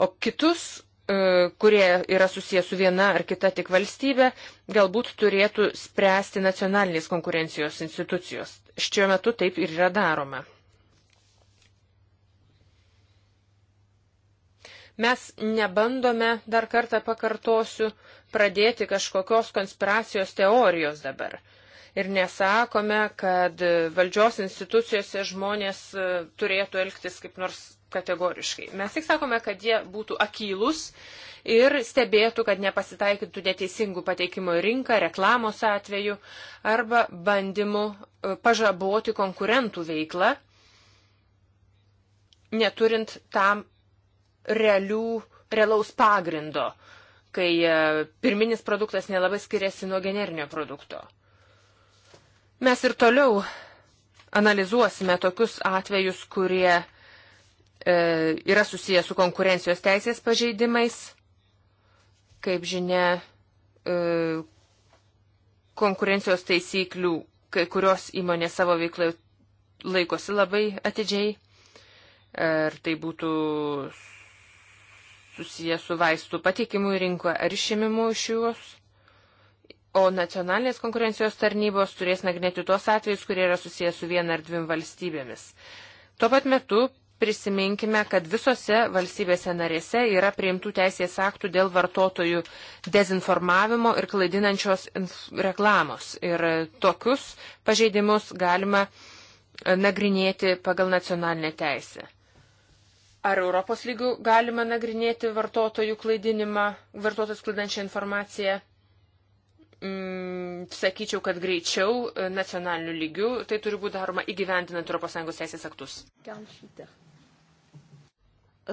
o kitus, e, kurie yra susijęs su viena ar kita tik valstybė, galbūt turėtų spręsti nacionalinės konkurencijos institucijos. Šiuo metu taip ir yra daroma. Mes nebandome, dar kartą pakartosiu, pradėti kažkokios konspiracijos teorijos dabar. Ir nesakome, kad valdžios institucijose žmonės e, turėtų elgtis kaip nors kategoriškai. Mes tik sakome, kad jie būtų akylus ir stebėtų, kad nepasitaikytų neteisingų pateikimo į rinką, reklamos atveju arba bandymų e, pažaboti konkurentų veiklą, neturint tam realių, realaus pagrindo, kai e, pirminis produktas nelabai skiriasi nuo generinio produkto. Mes ir toliau analizuosime tokius atvejus, kurie e, yra susiję su konkurencijos teisės pažeidimais. Kaip žinia, e, konkurencijos taisyklių kai kurios įmonės savo veikloje laikosi labai atidžiai. Ar tai būtų susiję su vaistų patikimu į rinką ar išimimu iš juos. O nacionalinės konkurencijos tarnybos turės nagrinėti tuos atvejus, kurie yra susiję su viena ar dvim valstybėmis. Tuo pat metu prisiminkime, kad visose valstybėse narėse yra priimtų teisės aktų dėl vartotojų dezinformavimo ir klaidinančios reklamos. Ir tokius pažeidimus galima nagrinėti pagal nacionalinę teisę. Ar Europos lygių galima nagrinėti vartotojų klaidinimą, vartotojus klaidančią informaciją? Mm, sakyčiau, kad greičiau e, nacionaliniu lygiu tai turi būti daroma įgyvendinant ES teisės aktus.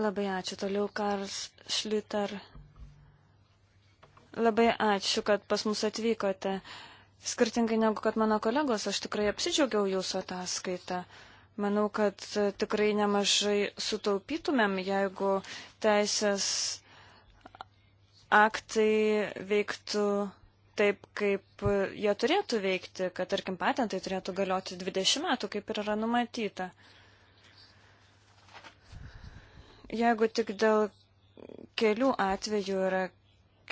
Labai ačiū. Toliau Karls Šliter. Labai ačiū, kad pas mus atvykote. Skirtingai negu kad mano kolegos, aš tikrai apsidžiaugiau jūsų ataskaitą. Uh, Manau, kad tikrai nemažai sutaupytumėm, jeigu teisės aktai veiktų taip, kaip jie turėtų veikti, kad, tarkim, patentai turėtų galioti 20 metų, kaip ir yra numatyta. Jeigu tik dėl kelių atvejų yra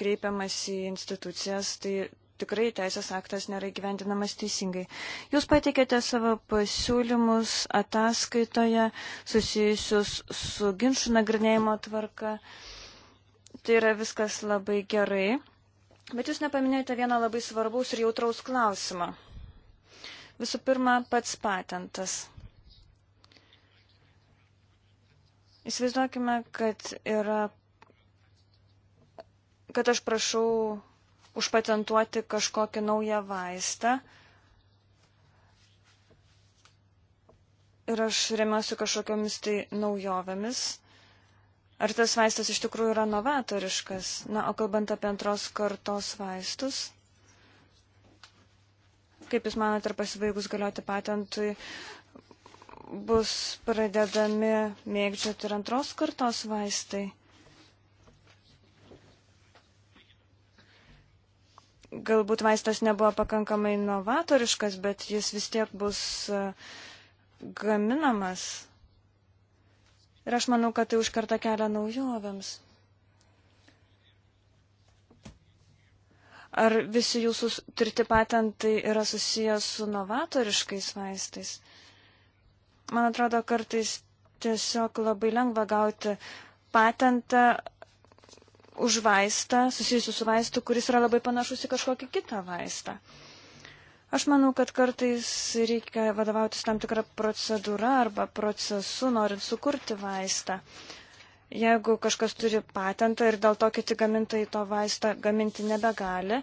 kreipiamas į institucijas, tai tikrai teisės aktas nėra įgyvendinamas teisingai. Jūs pateikėte savo pasiūlymus ataskaitoje susijusius su ginčių nagrinėjimo tvarka. Tai yra viskas labai gerai. Bet jūs nepaminėjote vieną labai svarbaus ir jautraus klausimą. Visų pirma, pats patentas. Įsivaizduokime, kad yra kad aš prašau užpatentuoti kažkokį naują vaistą. Ir aš remiuosi kažkokiamis tai naujovėmis. Ar tas vaistas iš tikrųjų yra novatoriškas? Na, o kalbant apie antros kartos vaistus, kaip Jūs manote, ar pasibaigus galioti patentui bus pradedami mėgdžioti ir antros kartos vaistai? galbūt vaistas nebuvo pakankamai novatoriškas, bet jis vis tiek bus e, gaminamas. Ir aš manau, kad tai užkarta kelią naujovėms. Ar visi jūsų tirti patentai yra susijęs su novatoriškais vaistais? Man atrodo, kartais tiesiog labai lengva gauti patentą už vaistą, susijusių su vaistu, kuris yra labai panašus į kažkokį kitą vaistą. Aš manau, kad kartais reikia vadovautis tam tikrą procedūrą arba procesu, norint sukurti vaistą. Jeigu kažkas turi patentą ir dėl to kiti gamintojai to vaistą gaminti nebegali,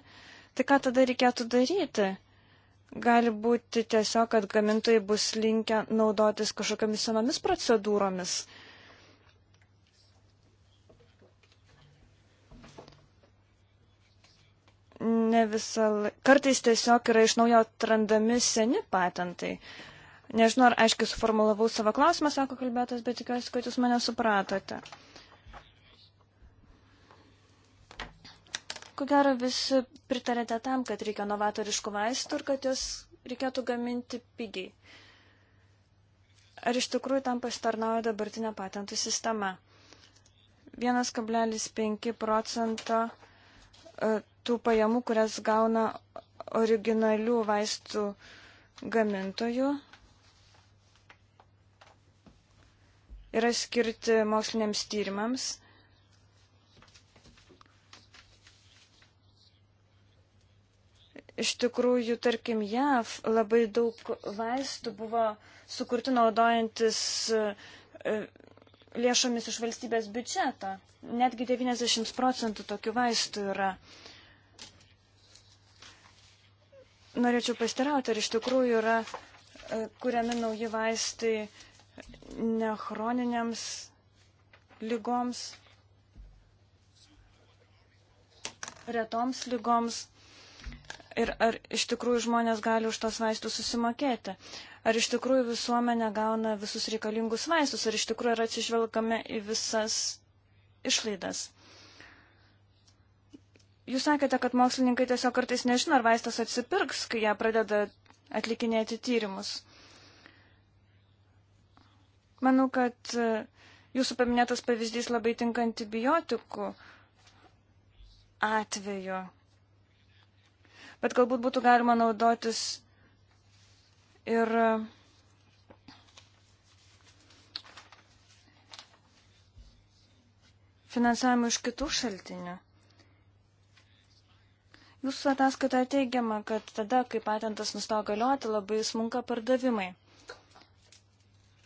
tai ką tada reikėtų daryti? Gali būti tiesiog, kad gamintojai bus linkę naudotis kažkokiamis senomis procedūromis. Uh, ne visą laiką. Kartais tiesiog yra iš naujo atrandami seni patentai. Nežinau, ar aiškiai suformulavau savo klausimą, sako kalbėtas, bet tikiuosi, kad jūs mane supratote. Ko gero visi pritarėte tam, kad reikia novatoriškų vaistų ir kad juos reikėtų gaminti pigiai. Ar iš tikrųjų tam pasitarnauja dabartinė patentų sistema? 1,5 procento e, tų pajamų, kurias gauna originalių vaistų gamintojų, yra skirti moksliniams tyrimams. Iš tikrųjų, tarkim, JAV labai daug vaistų buvo sukurti naudojantis e, lėšomis iš valstybės biudžeto. Netgi 90 procentų tokių vaistų yra. Uh, Norėčiau pastirauti, ar iš tikrųjų yra e, kuriami nauji vaistai nechroniniams lygoms, retoms lygoms ir ar iš tikrųjų žmonės gali už tos vaistus susimokėti. Ar iš tikrųjų visuomenė gauna visus reikalingus vaistus, ar iš tikrųjų yra atsižvelgame į visas išlaidas. Jūs sakėte, kad mokslininkai tiesiog kartais nežino, ar vaistas atsipirks, kai jie pradeda atlikinėti tyrimus. Manau, kad e, jūsų paminėtas pavyzdys labai tinka antibiotikų atveju. Bet galbūt būtų galima naudotis ir e, finansavimu iš kitų šaltinių. Jūsų ataskaitoje teigiama, kad tada, kai patentas nustojo galioti, labai smunka pardavimai.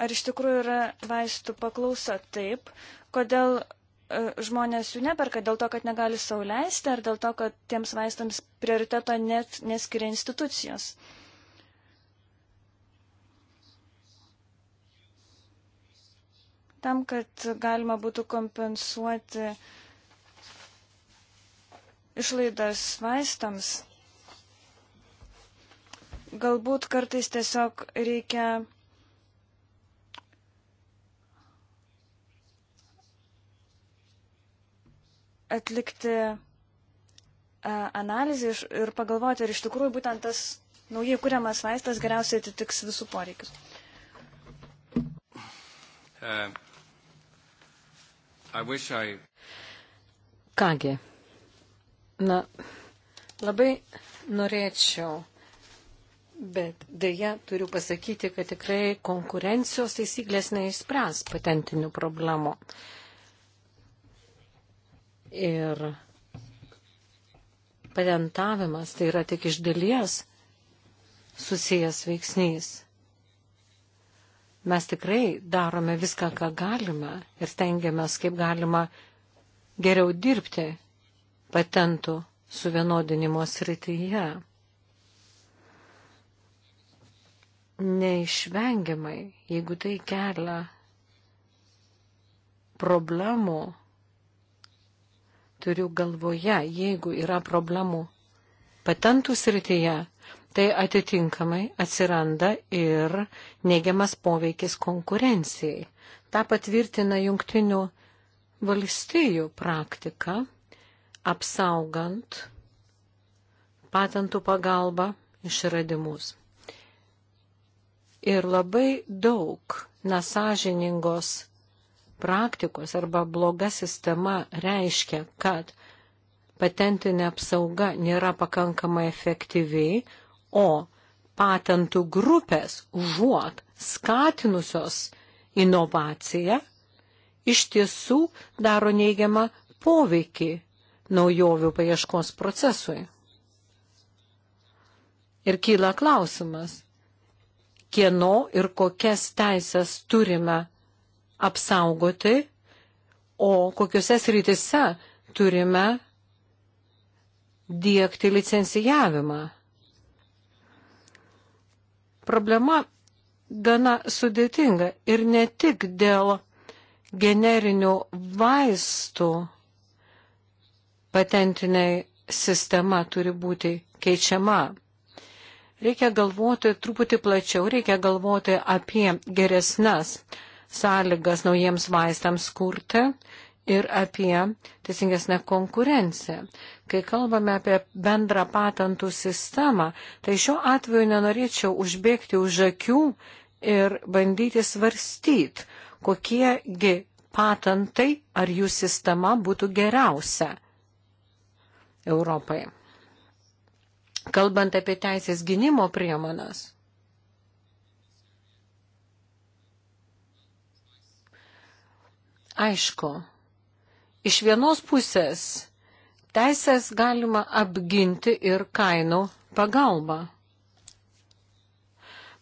Ar iš tikrųjų yra vaistų paklausa taip? Kodėl e, žmonės jų neperka dėl to, kad negali sauliaisti ar dėl to, kad tiems vaistams prioriteto net neskiria institucijos. Tam, kad galima būtų kompensuoti uh, išlaidas vaistams. Galbūt kartais tiesiog reikia atlikti e, analizę ir pagalvoti, ar iš tikrųjų būtent tas naujai kuriamas vaistas geriausiai atitiks visų poreikius. Uh, I I... Kągi, Na, labai norėčiau, bet dėja turiu pasakyti, kad tikrai konkurencijos taisyklės neišspręs patentinių problemų. Ir patentavimas tai yra tik iš dalies susijęs veiksnys. Mes tikrai darome viską, ką galime ir stengiamės, kaip galima geriau dirbti patentų suvienodinimo srityje. Neišvengiamai, jeigu tai kelia problemų, turiu galvoje, jeigu yra problemų patentų srityje, tai atitinkamai atsiranda ir neigiamas poveikis konkurencijai. Ta patvirtina jungtinių valstijų praktika apsaugant patentų pagalba išradimus. Ir labai daug nesažiningos praktikos arba bloga sistema reiškia, kad patentinė apsauga nėra pakankamai efektyviai, o patentų grupės užuot skatinusios inovaciją iš tiesų daro neigiamą poveikį naujovių paieškos procesui. Ir kyla klausimas, kieno ir kokias teisės turime apsaugoti, o kokiuose srityse turime dėkti licencijavimą. Problema gana sudėtinga ir ne tik dėl generinių vaistų patentinė sistema turi būti keičiama. Reikia galvoti truputį plačiau, reikia galvoti apie geresnas sąlygas naujiems vaistams kurti ir apie teisingesnę konkurenciją. Kai kalbame apie bendrą patentų sistemą, tai šiuo atveju nenorėčiau užbėgti už akių ir bandyti svarstyti, kokiegi patentai ar jų sistema būtų geriausia. Europai. Kalbant apie teisės gynimo priemonas, aišku, iš vienos pusės teisės galima apginti ir kainų pagalba.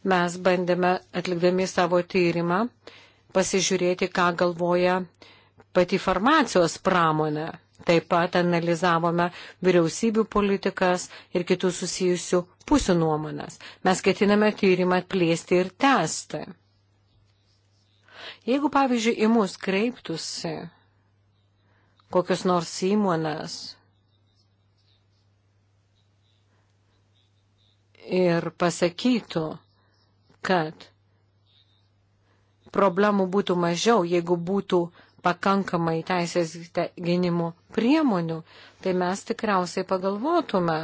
Mes bandėme, atlikdami savo tyrimą, pasižiūrėti, ką galvoja pati farmacijos pramonė. Taip pat analizavome vyriausybių politikas ir kitų susijusių pusių nuomonas. Mes ketiname tyrimą plėsti ir tęsti. Jeigu, pavyzdžiui, į mus kreiptųsi kokios nors įmonės ir pasakytų, kad problemų būtų mažiau, jeigu būtų pakankamai teisės gynimo priemonių, tai mes tikriausiai pagalvotume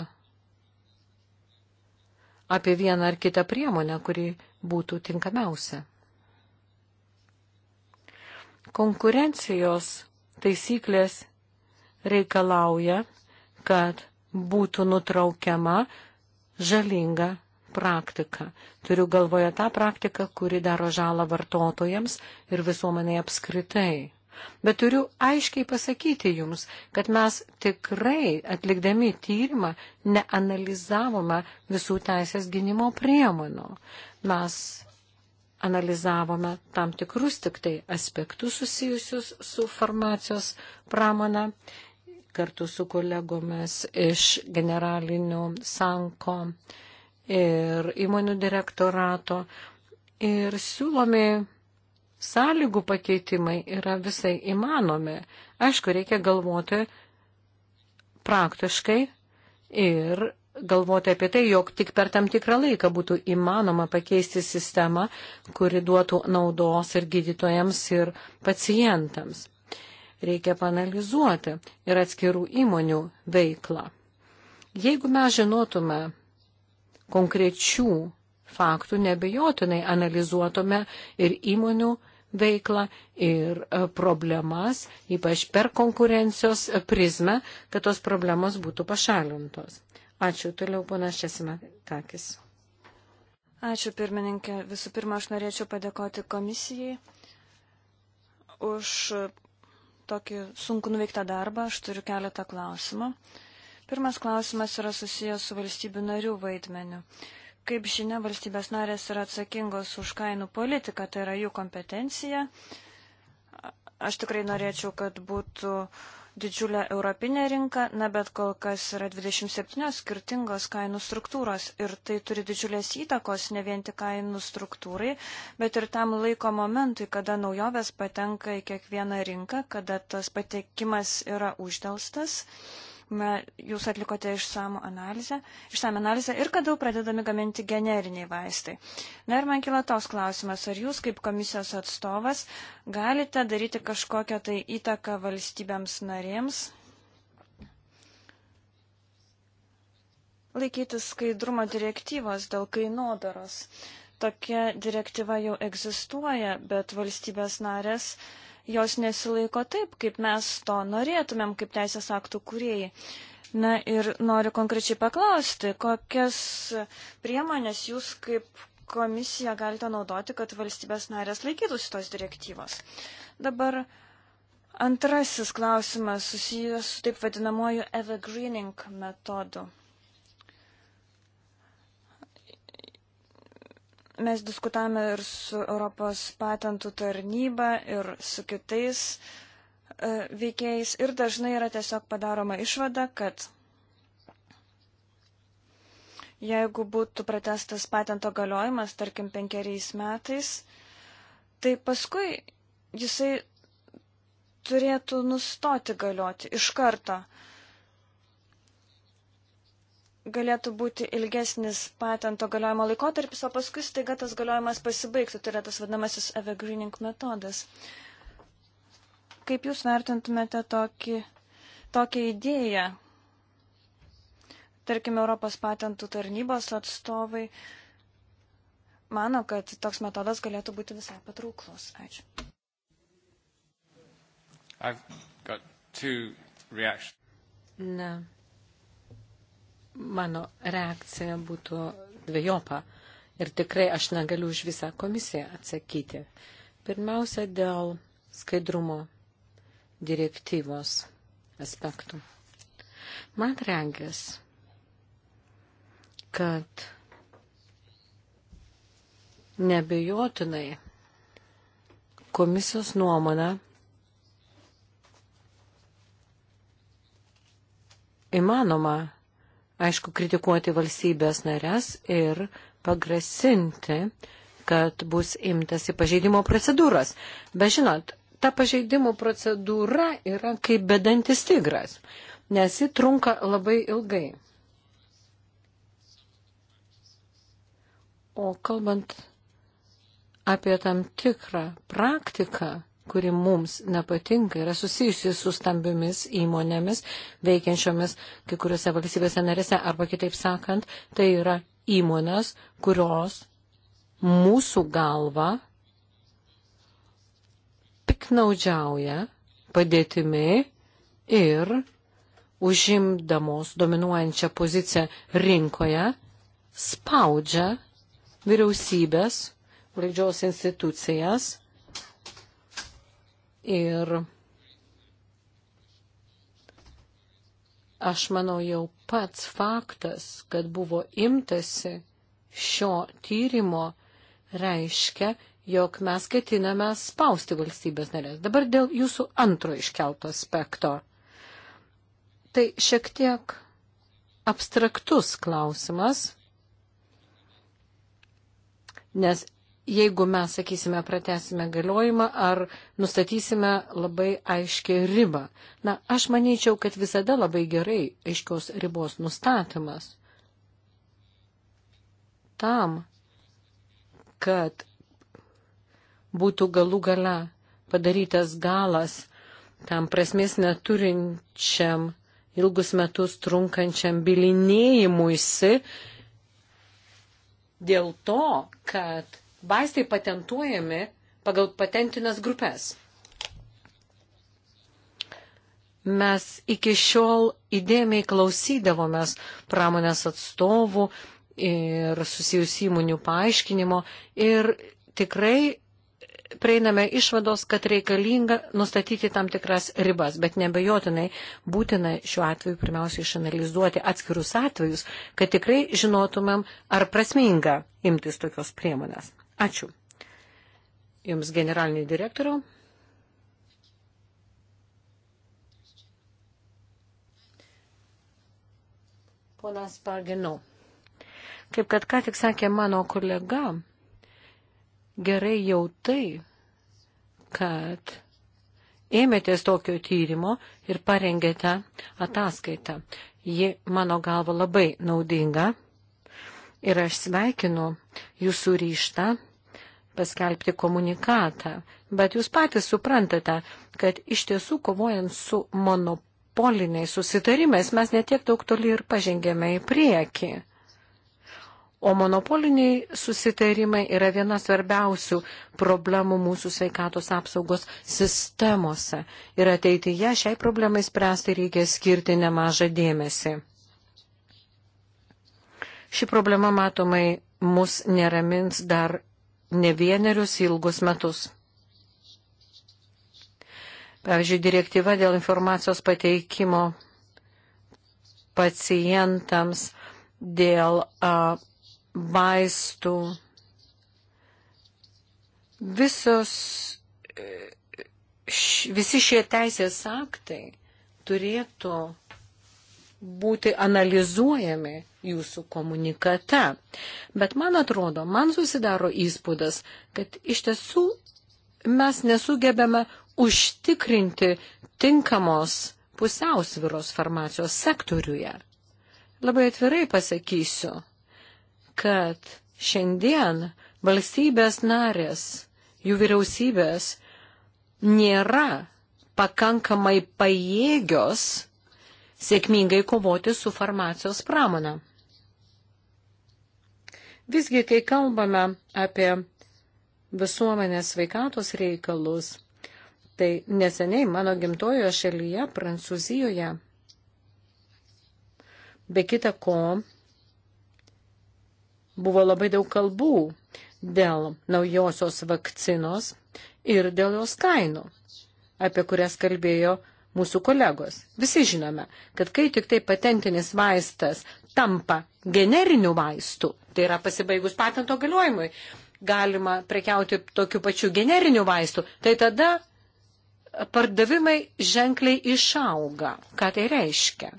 apie vieną ar kitą priemonę, kuri būtų tinkamiausia. Konkurencijos taisyklės reikalauja, kad būtų nutraukiama žalinga praktika. Turiu galvoje tą praktiką, kuri daro žalą vartotojams ir visuomenėje apskritai. Bet turiu aiškiai pasakyti jums, kad mes tikrai atlikdami tyrimą neanalizavome visų teisės gynimo priemonų. Mes analizavome tam tikrus tik tai aspektus susijusius su farmacijos pramona kartu su kolegomis iš generalinių sanko ir įmonių direktorato ir siūlomi sąlygų pakeitimai yra visai įmanomi. Aišku, reikia galvoti praktiškai ir galvoti apie tai, jog tik per tam tikrą laiką būtų įmanoma pakeisti sistemą, kuri duotų naudos ir gydytojams, ir pacientams. Reikia panalizuoti ir atskirų įmonių veiklą. Jeigu mes žinotume konkrečių faktų nebejotinai analizuotume ir įmonių veiklą ir e, problemas, ypač per konkurencijos prizmę, kad tos problemos būtų pašalintos. Ačiū. Toliau ponas Česime Kakis. Ačiū pirmininkė. Visų pirma, aš norėčiau padėkoti komisijai už tokį sunku nuveiktą darbą. Aš turiu keletą klausimų. Pirmas klausimas yra susijęs su valstybių narių vaidmeniu. Kaip žinia, valstybės narės yra atsakingos už kainų politiką, tai yra jų kompetencija. Aš tikrai norėčiau, kad būtų didžiulė europinė rinka, na bet kol kas yra 27 skirtingos kainų struktūros ir tai turi didžiulės įtakos ne vien tik kainų struktūrai, bet ir tam laiko momentui, kada naujovės patenka į kiekvieną rinką, kada tas patekimas yra uždelstas. Uh, jūs atlikote išsamų analizę, išsamą analizę ir kada pradedami gaminti generiniai vaistai. Na ir man kila toks klausimas, ar jūs kaip komisijos atstovas galite daryti kažkokią tai įtaką valstybėms narėms? Laikytis skaidrumo direktyvos dėl kainodaros. Tokia direktyva jau egzistuoja, bet valstybės narės uh, jos nesilaiko taip, kaip mes to norėtumėm, kaip teisės aktų kuriejai. Na ir noriu konkrečiai paklausti, kokias priemonės jūs kaip komisija galite naudoti, kad valstybės narės laikytųsi tos direktyvos. Dabar antrasis klausimas susijęs su taip vadinamoju evergreening metodu. Mes diskutavome ir su Europos patentų tarnyba, ir su kitais e, veikėjais ir dažnai yra tiesiog padaroma išvada, kad jeigu būtų pratestas patento galiojimas, tarkim, penkeriais metais, tai paskui jisai turėtų nustoti galioti iš karto. Uh, galėtų būti ilgesnis patento galiojimo laikotarpis, o paskui staiga tas galiojimas pasibaigtų, tai yra tas vadinamasis evergreening metodas. Kaip Jūs vertintumėte tokį, tokią idėją? Tarkime, Europos patentų tarnybos atstovai mano, kad toks metodas galėtų būti visai patrauklus. Ačiū. I've got two reactions. Ne. No mano reakcija būtų dviejopa. Ir tikrai aš negaliu už visą komisiją atsakyti. Pirmiausia, dėl skaidrumo direktyvos aspektų. Man rengės, kad nebejotinai komisijos nuomonę įmanoma aišku, kritikuoti valstybės narės ir pagrasinti, kad bus imtasi pažeidimo procedūros. Bet žinot, ta pažeidimo procedūra yra kaip bedantis tigras, nes ji trunka labai ilgai. O kalbant apie tam tikrą praktiką, kuri mums nepatinka, yra susijusi su stambiomis įmonėmis veikiančiomis kai kuriuose valstybėse narėse, arba kitaip sakant, tai yra įmonės, kurios mūsų galva piknaudžiauja padėtimi ir užimdamos dominuojančią poziciją rinkoje spaudžia vyriausybės, valdžios institucijas Ir aš manau jau pats faktas, kad buvo imtasi šio tyrimo, reiškia, jog mes ketiname spausti valstybės narės. Dabar dėl jūsų antro iškelto aspekto. Tai šiek tiek abstraktus klausimas, nes jeigu mes, sakysime, pratesime galiojimą ar nustatysime labai aiškį ribą. Na, aš manyčiau, kad visada labai gerai aiškios ribos nustatymas tam, kad būtų galų gale padarytas galas tam prasmės neturinčiam ilgus metus trunkančiam bilinėjimuisi dėl to, kad vaistai patentuojami pagal patentinės grupės. Mes iki šiol įdėmiai klausydavomės pramonės atstovų ir susijusių įmonių paaiškinimo ir tikrai prieiname išvados, kad reikalinga nustatyti tam tikras ribas, bet nebejotinai būtina šiuo atveju pirmiausia išanalizuoti atskirus atvejus, kad tikrai žinotumėm, ar prasminga imtis tokios priemonės. Ačiū. Jums generaliniai direktoriau. Ponas Parginau. Kaip kad ką tik sakė mano kolega, gerai jau tai, kad ėmėtės tokio tyrimo ir parengėte ataskaitą. Ji, mano galva, labai naudinga ir aš sveikinu jūsų ryštą paskelbti komunikatą. Bet jūs patys suprantate, kad iš tiesų kovojant su monopoliniais susitarimais mes netiek daug toli ir pažengėme į priekį. O monopoliniai susitarimai yra viena svarbiausių problemų mūsų sveikatos apsaugos sistemose. Ir ateityje šiai problemai spręsti reikia skirti nemažą dėmesį. Ši problema matomai mus neramins dar ne vienerius ilgus metus. Pavyzdžiui, direktyva dėl informacijos pateikimo pacientams dėl a, vaistų. Visos, e, š, visi šie teisės aktai turėtų būti analizuojami jūsų komunikate. Bet man atrodo, man susidaro įspūdas, kad iš tiesų mes nesugebėme užtikrinti tinkamos pusiausviros farmacijos sektoriuje. Labai atvirai pasakysiu, kad šiandien valstybės narės, jų vyriausybės nėra pakankamai pajėgios sėkmingai kovoti su farmacijos pramona. Visgi, kai kalbame apie visuomenės sveikatos reikalus, tai neseniai mano gimtojoje šalyje, Prancūzijoje, be kita ko, buvo labai daug kalbų dėl naujosios vakcinos ir dėl jos kainų, apie kurias kalbėjo mūsų kolegos. Visi žinome, kad kai tik tai patentinis vaistas tampa generiniu vaistu, tai yra pasibaigus patento galiojimui, galima prekiauti tokiu pačiu generiniu vaistu, tai tada pardavimai ženkliai išauga. Ką tai reiškia?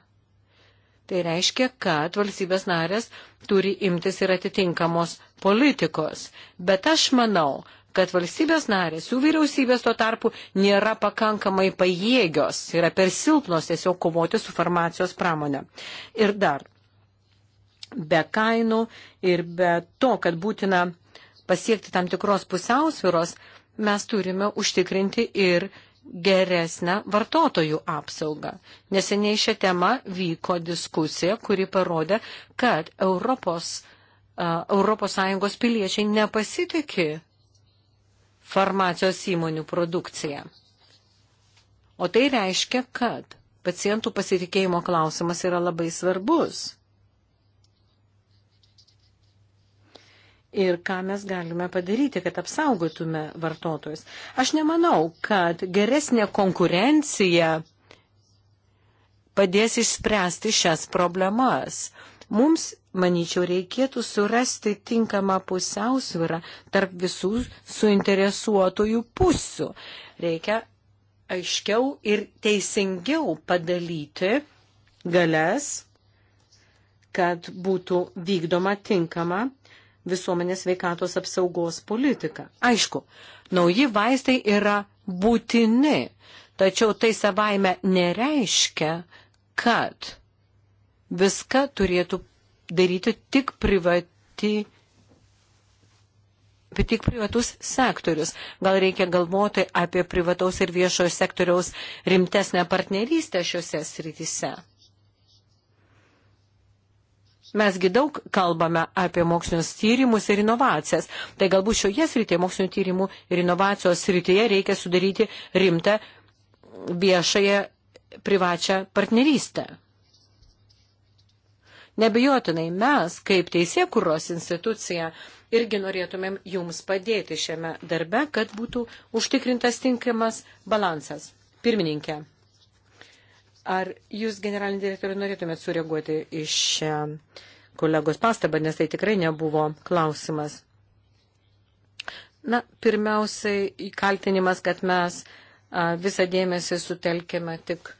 Tai reiškia, kad valstybės narės turi imtis ir atitinkamos politikos. Bet aš manau, kad valstybės narės, jų vyriausybės tuo tarpu nėra pakankamai pajėgios, yra per silpnos tiesiog kovoti su farmacijos pramonė. Ir dar, be kainų ir be to, kad būtina pasiekti tam tikros pusiausviros, mes turime užtikrinti ir geresnę vartotojų apsaugą. Neseniai šią temą vyko diskusija, kuri parodė, kad Europos, uh, Europos Sąjungos piliečiai nepasitikė farmacijos įmonių produkciją. O tai reiškia, kad pacientų pasitikėjimo klausimas yra labai svarbus. ir ką mes galime padaryti, kad apsaugotume vartotojus. Aš nemanau, kad geresnė konkurencija padės išspręsti šias problemas, Mums, manyčiau, reikėtų surasti tinkamą pusiausvyrą tarp visų suinteresuotojų pusių. Reikia aiškiau ir teisingiau padalyti galės, kad būtų vykdoma tinkama visuomenės veikatos apsaugos politika. Aišku, nauji vaistai yra būtini, tačiau tai savaime nereiškia, kad viską turėtų daryti tik privati bet tik privatus sektorius. Gal reikia galvoti apie privataus ir viešojo sektoriaus rimtesnę partnerystę šiuose srityse. Mesgi daug kalbame apie mokslinius tyrimus ir inovacijas. Tai galbūt šioje srityje, mokslinio tyrimų ir inovacijos srityje, reikia sudaryti rimtą viešąją privačią partnerystę. Nebejotinai mes, kaip teisėkuros institucija, irgi norėtumėm jums padėti šiame darbe, kad būtų užtikrintas tinkamas balansas. Pirmininkė, ar jūs, generalinė direktorė, norėtumėt sureaguoti iš kolegos pastabą, nes tai tikrai nebuvo klausimas? Na, pirmiausiai įkaltinimas, kad mes visą dėmesį sutelkime tik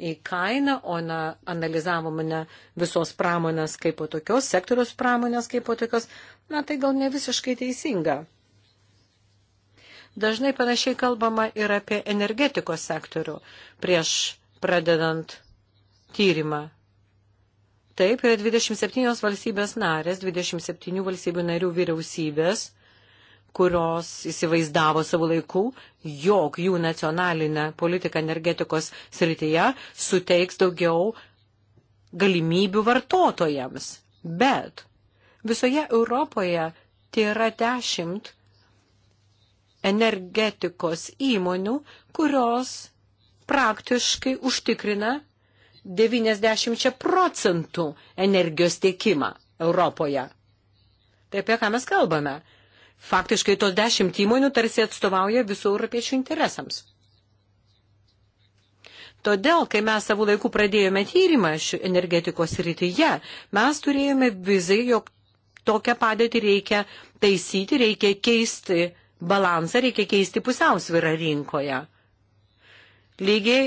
į kainą, o na, analizavome ne visos pramonės kaip po tokios, sektorius pramonės kaip po tokios, na tai gal ne visiškai teisinga. Dažnai panašiai kalbama ir apie energetikos sektorių prieš pradedant tyrimą. Taip, yra 27 valstybės narės, 27 valstybių narių vyriausybės kurios įsivaizdavo savo laikų, jog jų nacionalinė politika energetikos srityje suteiks daugiau galimybių vartotojams. Bet visoje Europoje tai yra dešimt energetikos įmonių, kurios praktiškai užtikrina 90 procentų energijos tiekimą Europoje. Tai apie ką mes kalbame? Faktiškai tos dešimt įmonių tarsi atstovauja visų europiečių interesams. Todėl, kai mes savo laiku pradėjome tyrimą energetikos rytyje, mes turėjome vizai, jog tokią padėtį reikia taisyti, reikia keisti balansą, reikia keisti pusiausvyrą rinkoje. Lygiai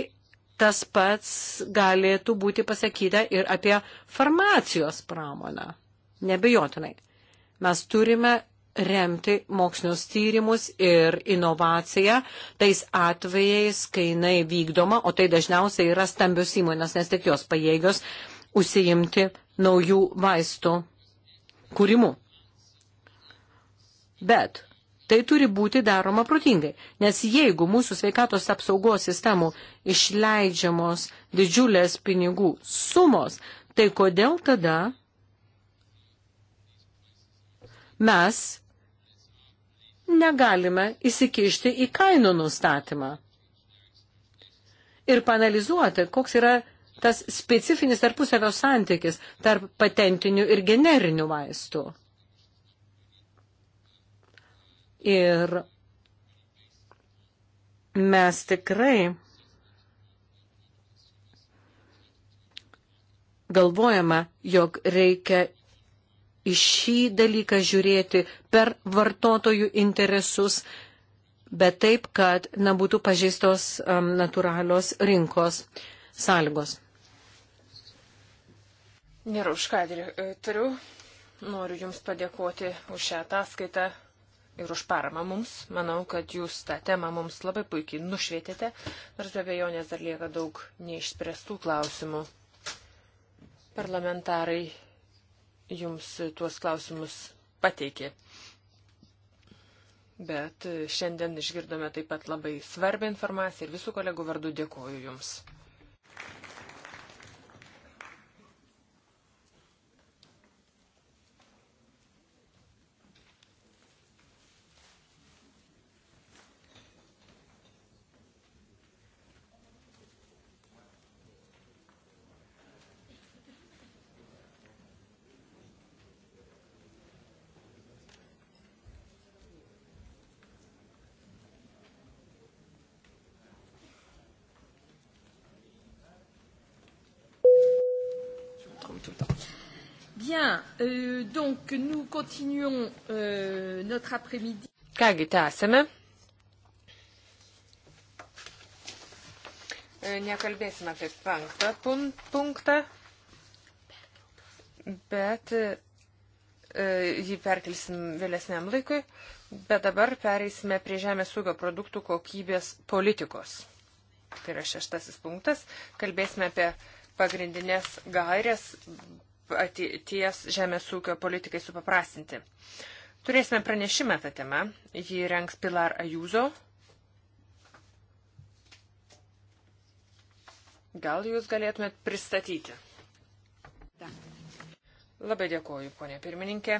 tas pats galėtų būti pasakyta ir apie farmacijos pramoną. Nebejotinai. Mes turime remti mokslinius tyrimus ir inovaciją tais atvejais, kai jinai vykdoma, o tai dažniausiai yra stambios įmonės, nes tik jos pajėgios užsiimti naujų vaistų kūrimu. Bet tai turi būti daroma protingai, nes jeigu mūsų sveikatos apsaugos sistemų išleidžiamos didžiulės pinigų sumos, tai kodėl tada mes negalime įsikišti į kainų nustatymą ir panalizuoti, koks yra tas specifinis tarpusavio santykis tarp patentinių ir generinių vaistų. Ir mes tikrai galvojame, jog reikia į šį dalyką žiūrėti per vartotojų interesus, bet taip, kad nebūtų pažeistos um, natūralios rinkos sąlygos. Nėra už kadrį. E, turiu. Noriu Jums padėkoti už šią ataskaitą ir už paramą mums. Manau, kad Jūs tą temą mums labai puikiai nušvietėte, nors be abejonės dar lieka daug neišspręstų klausimų. Parlamentarai jums tuos klausimus pateikė. Bet šiandien išgirdome taip pat labai svarbią informaciją ir visų kolegų vardu dėkoju jums. Bien, euh, donc nous continuons euh, notre après-midi. Kągi tęsime. Nekalbėsime apie penktą punktą, bet jį perkelsim vėlesniam laikui. Bet dabar pereisime prie žemės ūkio produktų kokybės politikos. Tai yra šeštasis punktas. Kalbėsime apie pagrindinės gairias ateities žemės ūkio politikai supaprastinti. Turėsime pranešimą tą temą. Jį rengs Pilar Ajuzo. Gal jūs galėtumėt pristatyti? Da. Labai dėkoju, ponė pirmininkė.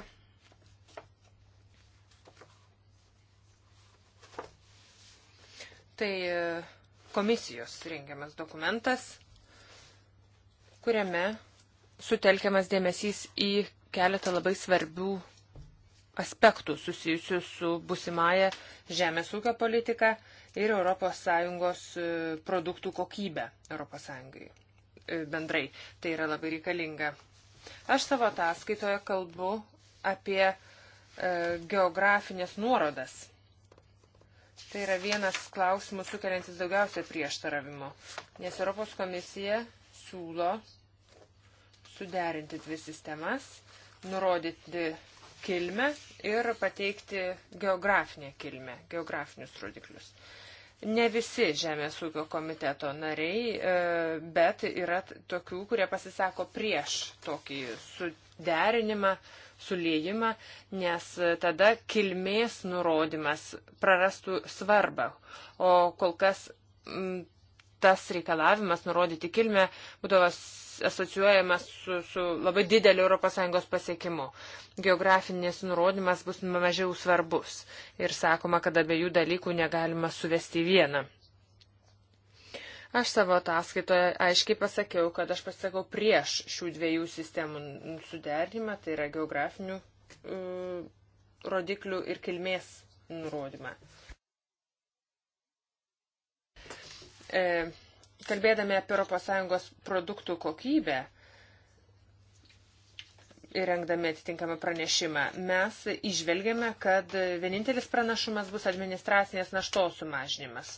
Tai e, komisijos rengiamas dokumentas, kuriame sutelkiamas dėmesys į keletą labai svarbių aspektų susijusių su busimaja žemės ūkio politika ir ES e, produktų kokybę ES e, bendrai. Tai yra labai reikalinga. Aš savo ataskaitoje kalbu apie e, geografinės nuorodas. Tai yra vienas klausimų sukeliantis daugiausia prieštaravimo, nes Europos komisija siūlo suderinti dvi sistemas, nurodyti kilmę ir pateikti geografinę kilmę, geografinius rodiklius. Ne visi Žemės ūkio komiteto nariai, e, bet yra tokių, kurie pasisako prieš tokį suderinimą, suliejimą, nes tada kilmės nurodymas prarastų svarbą. O kol kas tas reikalavimas nurodyti kilmę būdavo asocijuojamas su, su labai dideliu ES pasiekimu. Geografinės nurodymas bus mažiau svarbus ir sakoma, kad abiejų dalykų negalima suvesti į vieną. Aš savo ataskaitoje aiškiai pasakiau, kad aš pasakau prieš šių dviejų sistemų suderinimą, tai yra geografinių uh, rodiklių ir kilmės nurodymą. Uh, E, kalbėdami apie ES produktų kokybę ir rengdami atitinkamą pranešimą, mes išvelgiame, kad vienintelis pranašumas bus administracinės naštos sumažinimas.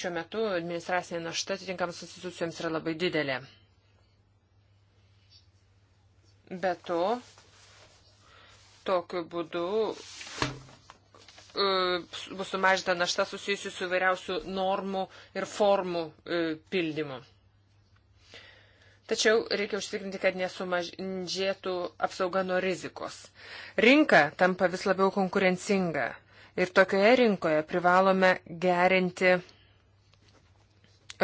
Šiuo metu administracinė našta atitinkams institucijoms yra labai didelė. Be to, tokiu būdu E, bus sumažinta našta susijusi su vairiausių normų ir formų e, pildymu. Tačiau reikia užtikrinti, kad nesumažėtų apsauga nuo rizikos. Rinka tampa vis labiau konkurencinga ir tokioje rinkoje privalome gerinti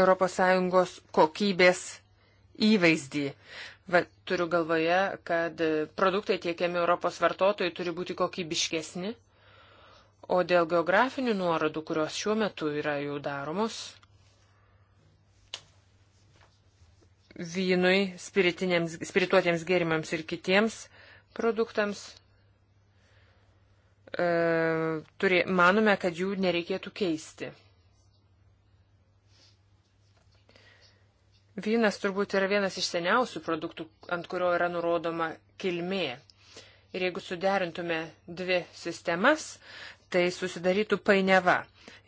ES kokybės įvaizdį. Va, turiu galvoje, kad produktai tiekiami Europos vartotojai turi būti kokybiškesni O dėl geografinių nuorodų, kurios šiuo metu yra jau daromos, vynui, spirituotiems gėrimams ir kitiems produktams, e, turė, manome, kad jų nereikėtų keisti. Vynas turbūt yra vienas iš seniausių produktų, ant kurio yra nurodoma kilmė. Ir jeigu suderintume dvi sistemas, tai susidarytų painiava,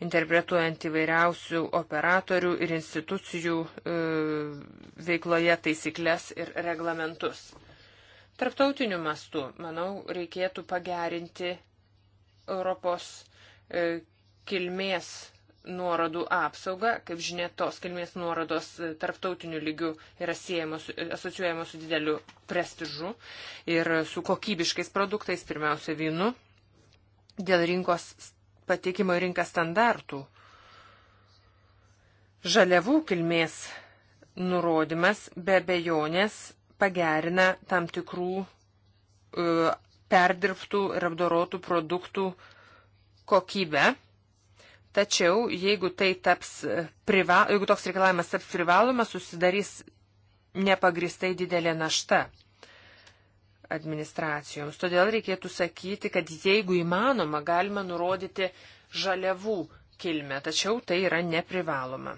interpretuojant įvairiausių operatorių ir institucijų e, veikloje taisyklės ir reglamentus. Tarptautiniu mastu, manau, reikėtų pagerinti Europos e, kilmės nuorodų apsaugą. Kaip žinia, tos kilmės nuorodos e, tarptautiniu lygiu yra siejamos, e, asociuojamos su dideliu prestižu ir su kokybiškais produktais, pirmiausia vynu dėl rinkos patikimo į rinką standartų. Žaliavų kilmės nurodymas be bejonės pagerina tam tikrų uh, perdirbtų ir apdorotų produktų kokybę. Tačiau, jeigu, tai taps priva, jeigu toks reikalavimas taps privalomas, susidarys nepagristai didelė našta administracijoms. Todėl reikėtų sakyti, kad jeigu įmanoma, galima nurodyti žaliavų kilmę, tačiau tai yra neprivaloma.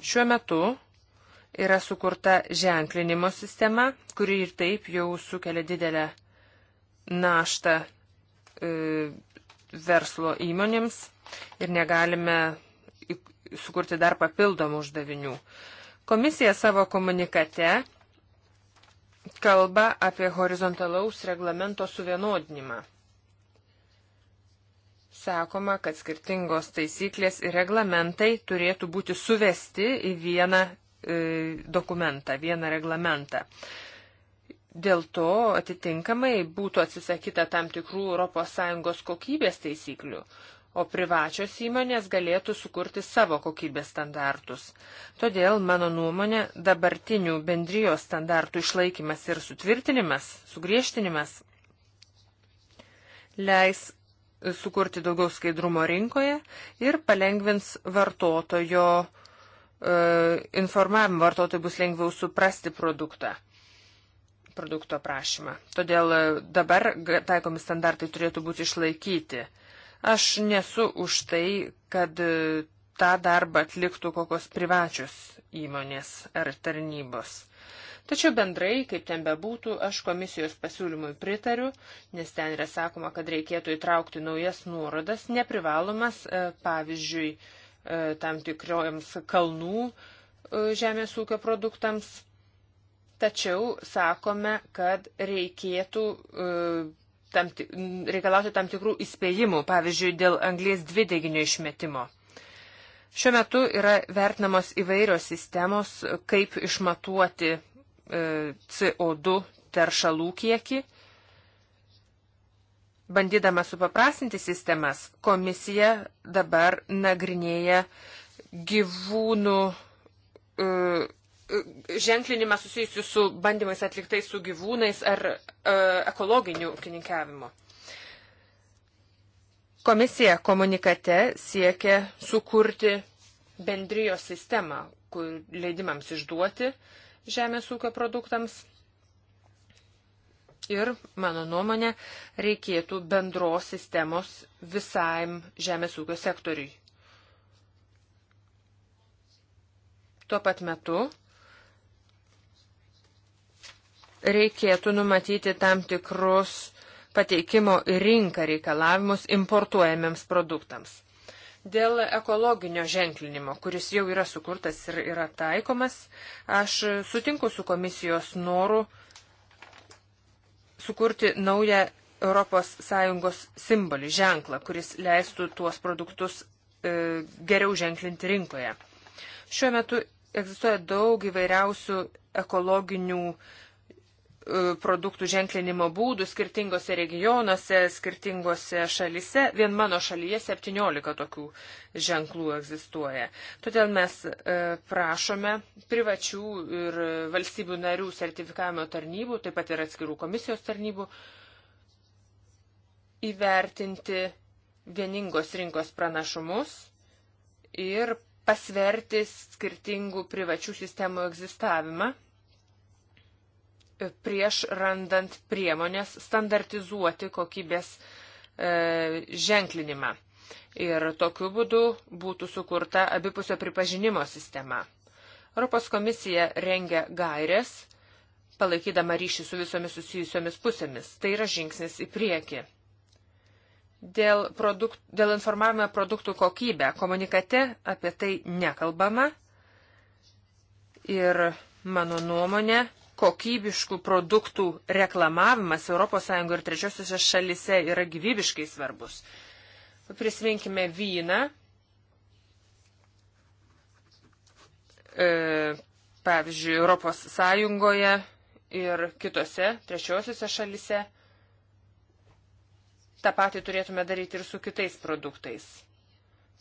Šiuo metu yra sukurta ženklinimo sistema, kuri ir taip jau sukelia didelę naštą e, verslo įmonėms ir negalime sukurti dar papildomų uždavinių. Komisija savo komunikate kalba apie horizontalaus reglamento suvienodinimą. Sakoma, kad skirtingos taisyklės ir reglamentai turėtų būti suvesti į vieną e, dokumentą, vieną reglamentą. Dėl to atitinkamai būtų atsisakyta tam tikrų ES kokybės taisyklių, o privačios įmonės galėtų sukurti savo kokybės standartus. Todėl, mano nuomonė, dabartinių bendrijos standartų išlaikymas ir sutvirtinimas, sugriežtinimas leis sukurti daugiau skaidrumo rinkoje ir palengvins vartotojo e, informavimą, vartotojai bus lengviau suprasti produktą produkto prašymą. Todėl e, dabar taikomi standartai turėtų būti išlaikyti. Aš nesu už tai, kad e, tą darbą atliktų kokios privačios įmonės ar tarnybos. Tačiau bendrai, kaip ten bebūtų, aš komisijos pasiūlymui pritariu, nes ten yra sakoma, kad reikėtų įtraukti naujas nuorodas, neprivalomas, e, pavyzdžiui, e, tam tikrojams kalnų žemės ūkio produktams. Tačiau sakome, kad reikėtų tam, reikalauti tam tikrų įspėjimų, pavyzdžiui, dėl anglės dvideginio išmetimo. Šiuo metu yra vertinamos įvairios sistemos, kaip išmatuoti e, CO2 teršalų kiekį. Bandydama supaprastinti sistemas, komisija dabar nagrinėja gyvūnų e, ženklinimą susijusiu su bandymais atliktais su gyvūnais ar e, ekologiniu ūkininkavimu. Komisija komunikate siekia sukurti bendrijos sistemą, kur leidimams išduoti žemės ūkio produktams. Ir, mano nuomonė, reikėtų bendros sistemos visam žemės ūkio sektoriui. Tuo pat metu reikėtų numatyti tam tikrus pateikimo į rinką reikalavimus importuojamiems produktams. Dėl ekologinio ženklinimo, kuris jau yra sukurtas ir yra taikomas, aš sutinku su komisijos noru sukurti naują ES simbolį, ženklą, kuris leistų tuos produktus e, geriau ženklinti rinkoje. Šiuo metu egzistuoja daug įvairiausių ekologinių e, E, produktų ženklinimo būdų skirtingose regionuose, skirtingose šalise. Vien mano šalyje 17 tokių ženklų egzistuoja. Todėl mes e, prašome privačių ir valstybių narių sertifikavimo tarnybų, taip pat ir atskirų komisijos tarnybų, įvertinti vieningos rinkos pranašumus ir pasverti skirtingų privačių sistemų egzistavimą prieš randant priemonės standartizuoti kokybės e, ženklinimą. Ir tokiu būdu būtų sukurta abipusio pripažinimo sistema. Europos komisija rengia gairės, palaikydama ryšį su visomis susijusiomis pusėmis. Tai yra žingsnis į priekį. Dėl, produkt, dėl informavimo produktų kokybę komunikate apie tai nekalbama. Ir mano nuomonė, kokybiškų produktų reklamavimas ES ir trečiosiuose šalise yra gyvybiškai svarbus. Prisiminkime vyną. E, pavyzdžiui, ES ir kitose trečiosiuose šalise. Ta patį turėtume daryti ir su kitais produktais.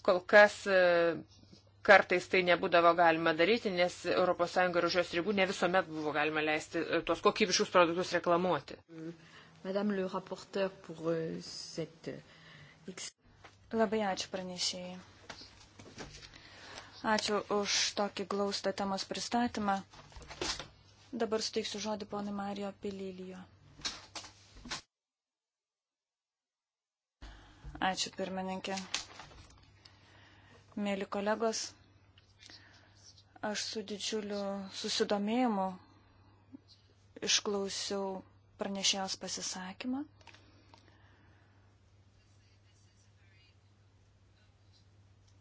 Kol kas e, Kartais tai nebūdavo galima daryti, nes ES ir už jos ribų ne visuomet buvo galima leisti e, tuos kokybiškus produktus reklamuoti. Madame le rapporteur pour euh, cette... Euh, Labai ačiū pranešėjai. Ačiū už tokį glaustą temos pristatymą. Dabar suteiksiu žodį ponui Mario Pililijo. Ačiū pirmininkė mėly kolegos, aš su didžiuliu susidomėjimu išklausiau pranešėjos pasisakymą.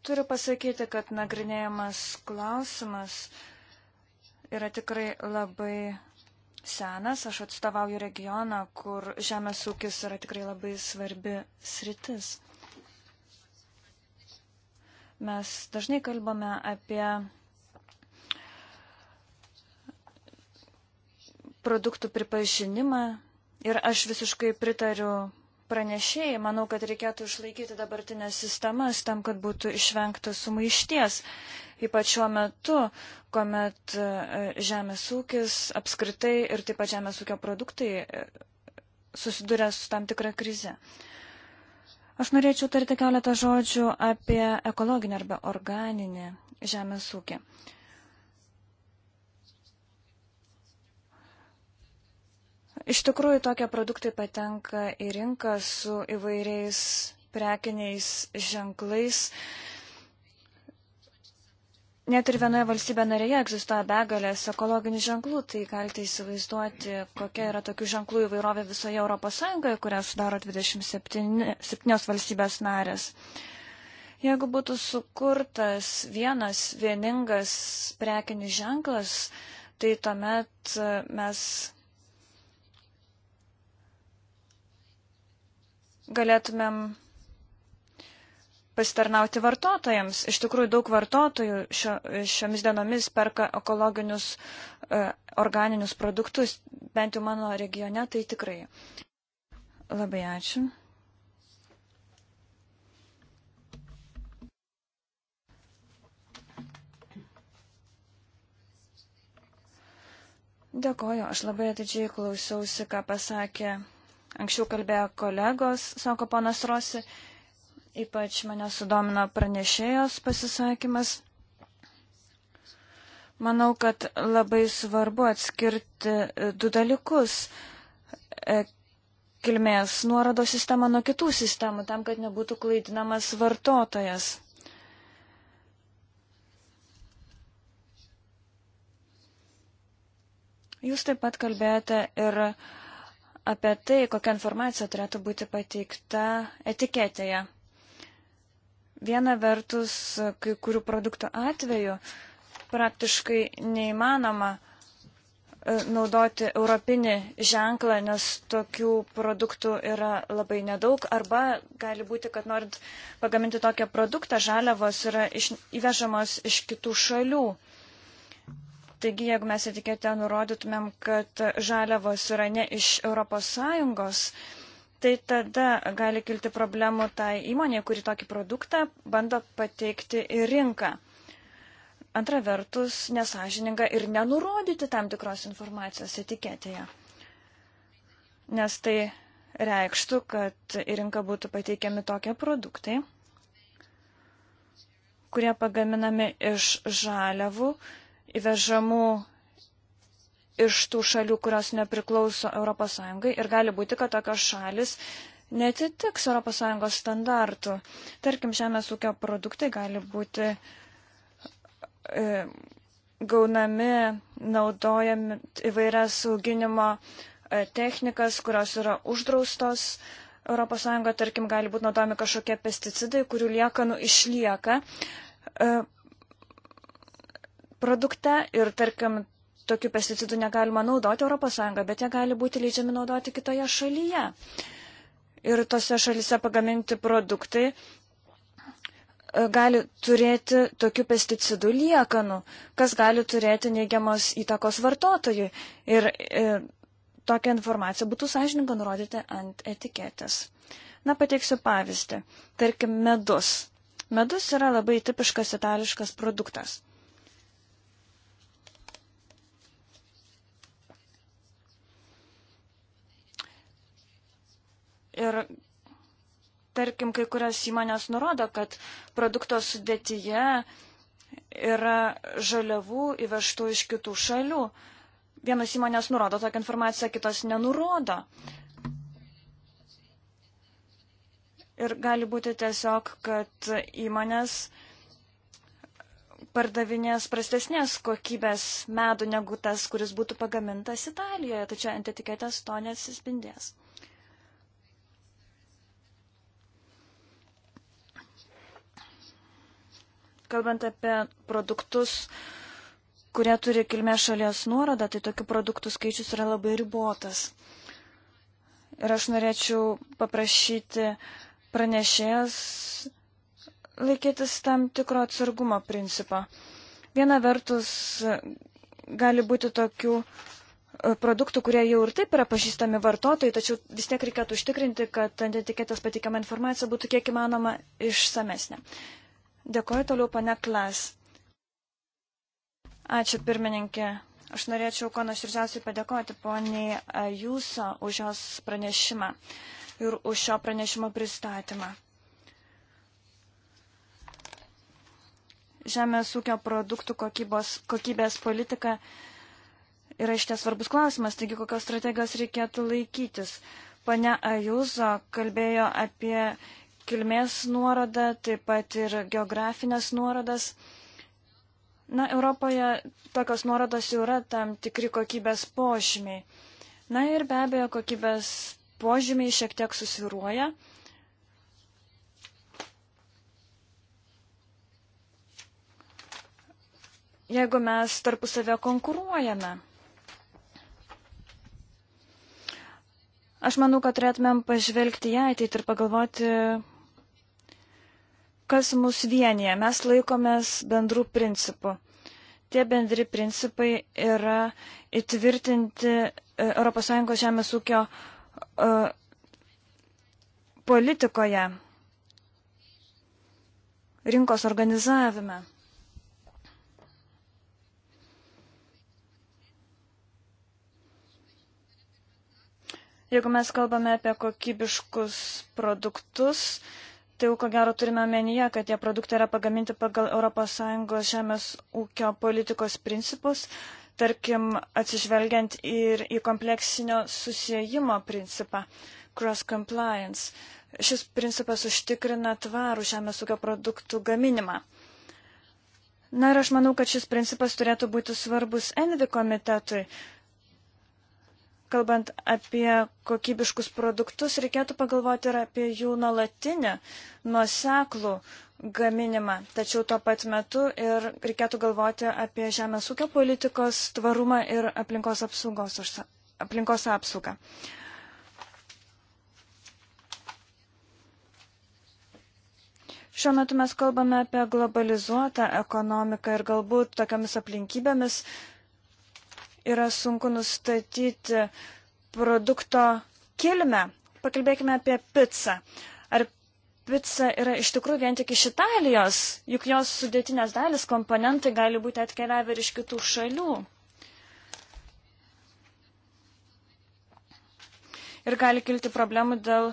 Turiu pasakyti, kad nagrinėjamas klausimas yra tikrai labai senas. Aš atstovauju regioną, kur žemės ūkis yra tikrai labai svarbi sritis. Mes dažnai kalbame apie produktų pripažinimą ir aš visiškai pritariu pranešėjai. Manau, kad reikėtų išlaikyti dabartinės sistemas tam, kad būtų išvengta sumaišties. Ypač šiuo metu, kuomet e, žemės ūkis apskritai ir taip pat žemės ūkio produktai e, susiduria su tam tikra krize. Uh, Aš norėčiau tarti keletą žodžių apie ekologinę arba organinę žemės ūkį. Iš tikrųjų, tokie produktai patenka į rinką su įvairiais prekiniais ženklais. Uh, Net ir vienoje valstybė narėje egzistuoja begalės ekologinių ženklų, tai galite įsivaizduoti, kokia yra tokių ženklų įvairovė visoje ES, kurią sudaro 27 valstybės narės. Jeigu būtų sukurtas vienas vieningas prekinis ženklas, tai tuomet e, mes galėtumėm pasitarnauti vartotojams. Iš tikrųjų, daug vartotojų šio, šiomis dienomis perka ekologinius e, organinius produktus, bent jau mano regione, tai tikrai. Labai ačiū. Dėkoju, aš labai atidžiai klausiausi, ką pasakė anksčiau kalbėjo kolegos, sako ponas Rosi. E, Ypač mane sudomino pranešėjos pasisakymas. Manau, kad labai svarbu atskirti e, du dalykus e, kilmės nuorodo sistemą nuo kitų sistemų, tam, kad nebūtų klaidinamas vartotojas. Jūs taip pat kalbėjote ir apie tai, kokia informacija turėtų būti pateikta etiketėje. Viena vertus, kai kurių produktų atveju praktiškai neįmanoma e, naudoti europinį ženklą, nes tokių produktų yra labai nedaug. Arba gali būti, kad norint pagaminti tokią produktą, žaliavos yra iš, įvežamos iš kitų šalių. Taigi, jeigu mes etiketę nurodytumėm, kad žaliavos yra ne iš ES, tai tada gali kilti problemų tai įmonė, kuri tokį produktą bando pateikti į rinką. Antra vertus, nesažininga ir nenurodyti tam tikros informacijos etiketėje. Nes tai reikštų, kad į rinką būtų pateikiami tokie produktai, kurie pagaminami iš žaliavų įvežamų iš tų šalių, kurios nepriklauso ES ir gali būti, kad tokios šalis netitiks ES standartų. Tarkim, žemės ūkio produktai gali būti e, gaunami, naudojami įvairias auginimo e, technikas, kurios yra uždraustos. ES, tarkim, gali būti naudojami kažkokie pesticidai, kurių liekanų išlieka e, produkte ir, tarkim, tokių pesticidų negalima naudoti ES, bet jie gali būti leidžiami naudoti kitoje šalyje. Ir tose šalyse pagaminti produktai e, gali turėti tokių pesticidų liekanų, kas gali turėti neigiamos įtakos vartotojui. Ir, ir e, tokią informaciją būtų sąžininga nurodyti ant etiketės. Na, pateiksiu pavyzdį. Tarkim, medus. Medus yra labai tipiškas itališkas produktas. Ir tarkim, kai kurias įmonės nurodo, kad produkto sudėtyje yra žaliavų įvežtų iš kitų šalių. Vienos įmonės nurodo tokią informaciją, kitos nenurodo. Ir gali būti tiesiog, kad įmonės pardavinės prastesnės kokybės medų negu tas, kuris būtų pagamintas Italijoje, tačiau ant etiketės to nesispindės. Kalbant apie produktus, kurie turi kilmės šalies nuorodą, tai tokių produktų skaičius yra labai ribotas. Ir aš norėčiau paprašyti pranešėjas laikytis tam tikro atsargumo principo. Viena vertus gali būti tokių e, produktų, kurie jau ir taip yra pažįstami vartotojai, tačiau vis tiek reikėtų užtikrinti, kad ant etiketės pateikiama informacija būtų kiek įmanoma išsamesnė. Dėkuoju toliau, pane Klas. Ačiū, pirmininkė. Aš norėčiau ko nuoširdžiausiai padėkoti poniai Jūso už jos pranešimą ir už šio pranešimo pristatymą. Žemės ūkio produktų kokybos, kokybės politika yra iš ties svarbus klausimas, taigi kokios strategijos reikėtų laikytis. Pane Ajuzo kalbėjo apie kilmės nuorodą, taip pat ir geografinės nuorodas. Na, Europoje tokios nuorodos jau yra tam tikri kokybės požymiai. Na ir be abejo, kokybės požymiai šiek tiek susviruoja. Jeigu mes tarpusavę konkuruojame. Aš manau, kad turėtumėm pažvelgti į ateitį ir pagalvoti, kas mus vienyje. Mes laikomės bendrų principų. Tie bendri principai yra įtvirtinti e, ES žemės ūkio uh, politikoje, rinkos organizavime. Jeigu mes kalbame apie kokybiškus produktus, uh, tai jau ko gero turime omenyje, kad tie produktai yra pagaminti pagal ES žemės ūkio politikos principus, tarkim, atsižvelgiant ir į kompleksinio susijimo principą, cross compliance. Šis principas užtikrina tvarų žemės ūkio produktų gaminimą. Na ir aš manau, kad šis principas turėtų būti svarbus Envi komitetui, kalbant apie kokybiškus produktus, reikėtų pagalvoti ir apie jų nuolatinę, nuoseklų gaminimą. Tačiau tuo pat metu ir reikėtų galvoti apie žemės ūkio politikos tvarumą ir aplinkos, apsaugos, aplinkos apsaugą. Šiuo metu mes kalbame apie globalizuotą ekonomiką ir galbūt tokiamis aplinkybėmis uh, yra sunku nustatyti produkto kilmę. Pakalbėkime apie pizzą. Ar pica yra iš tikrųjų vien tik iš Italijos, juk jos sudėtinės dalis, komponentai gali būti atkeliavę ir iš kitų šalių. Ir gali kilti problemų dėl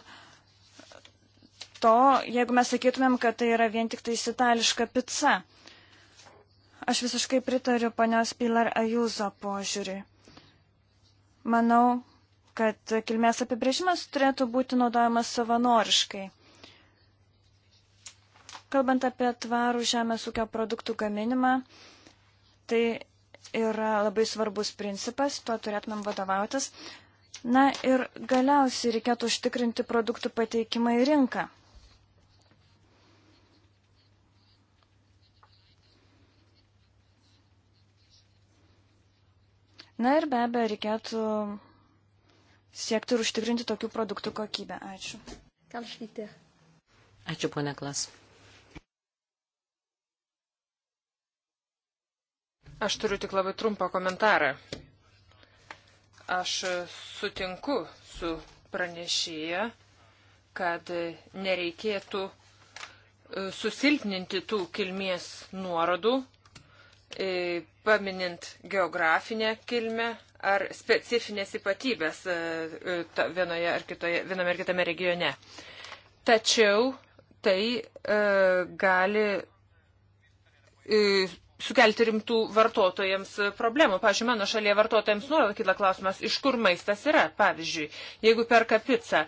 to, jeigu mes sakytumėm, kad tai yra vien tik tai itališka pica. Aš visiškai pritariu panios Pilar Ajuzo požiūriui. Manau, kad kilmės apibrėžimas turėtų būti naudojamas savanoriškai. Kalbant apie tvarų žemės ūkio produktų gaminimą, tai yra labai svarbus principas, tuo turėtumėm vadovautis. Na ir galiausiai reikėtų užtikrinti produktų pateikimą į rinką. Na ir be abejo, reikėtų siekti ir užtikrinti tokių produktų kokybę. Ačiū. Kalšlytė. Ačiū, ponė Klas. Aš turiu tik labai trumpą komentarą. Aš sutinku su pranešėja, kad nereikėtų e, susilpninti tų kilmės nuorodų, E, paminint geografinę kilmę ar specifinės ypatybės e, e, vienoje ar kitoje, viename ar kitame regione. Tačiau tai gali sukelti rimtų vartotojams e, problemų. Pavyzdžiui, mano šalyje vartotojams nuolat kyla klausimas, iš kur maistas yra. Pavyzdžiui, jeigu perka pizzą,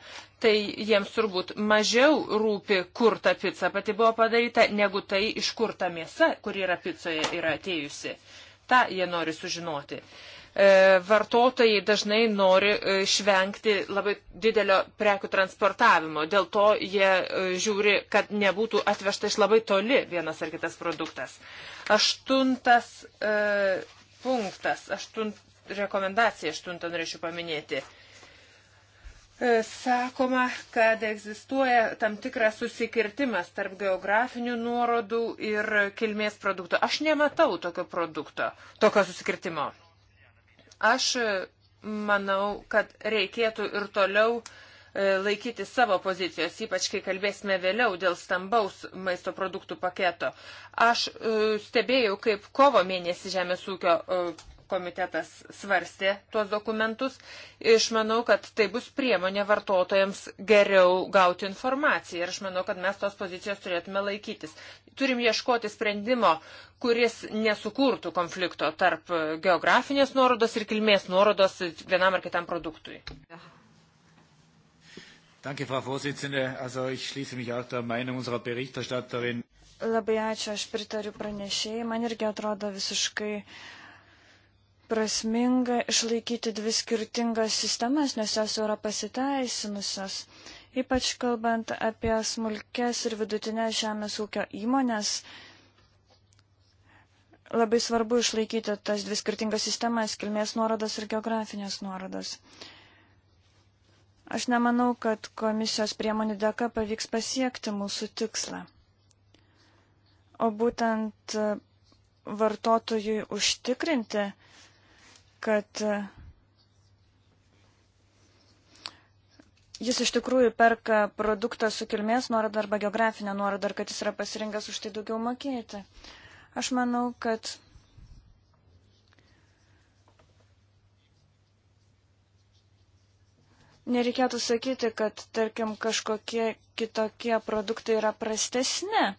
tai jiems turbūt mažiau rūpi, kur ta pizza pati buvo padaryta, negu tai, iš kur ta mėsa, kuri yra pizzoje, yra atėjusi. Ta jie nori sužinoti. Uh, E, vartotojai dažnai nori e, išvengti labai didelio prekių transportavimo. Dėl to jie e, žiūri, kad nebūtų atvežta iš labai toli vienas ar kitas produktas. Aštuntas e, punktas, aštunt, rekomendacija aštuntą norėčiau paminėti. Sakoma, kad egzistuoja tam tikras susikirtimas tarp geografinių nuorodų ir kilmės produktų. Aš nematau tokio produkto, tokio susikirtimo. Aš manau, kad reikėtų ir toliau e, laikyti savo pozicijos, ypač kai kalbėsime vėliau dėl stambaus maisto produktų paketo. Aš e, stebėjau, kaip kovo mėnesį Žemės ūkio e, komitetas svarstė tuos dokumentus. Iš manau, kad tai bus priemonė vartotojams geriau gauti informaciją ir aš manau, kad mes tos pozicijos turėtume laikytis. Turim ieškoti sprendimo, kuris nesukurtų konflikto tarp geografinės nuorodos ir kilmės nuorodos vienam ar kitam produktui. Danke, Frau Vorsitzende. Also ich schließe mich auch der Meinung unserer Berichterstatterin. Labai ačiū, aš pritariu pranešėjai. Man irgi atrodo visiškai prasminga išlaikyti dvi skirtingas sistemas, nes jos yra pasiteisinusios. Ypač kalbant apie smulkės ir vidutinės žemės ūkio įmonės, labai svarbu išlaikyti tas dvi skirtingas sistemas - kilmės nuorodas ir geografinės nuorodas. Aš nemanau, kad komisijos priemonių dėka pavyks pasiekti mūsų tikslą. O būtent vartotojui užtikrinti, kad jis iš tikrųjų perka produktą su kilmės nuoroda arba geografinė nuoroda, ar kad jis yra pasirinkęs už tai daugiau mokėti. Aš manau, kad nereikėtų sakyti, kad, tarkim, kažkokie kitokie produktai yra prastesni.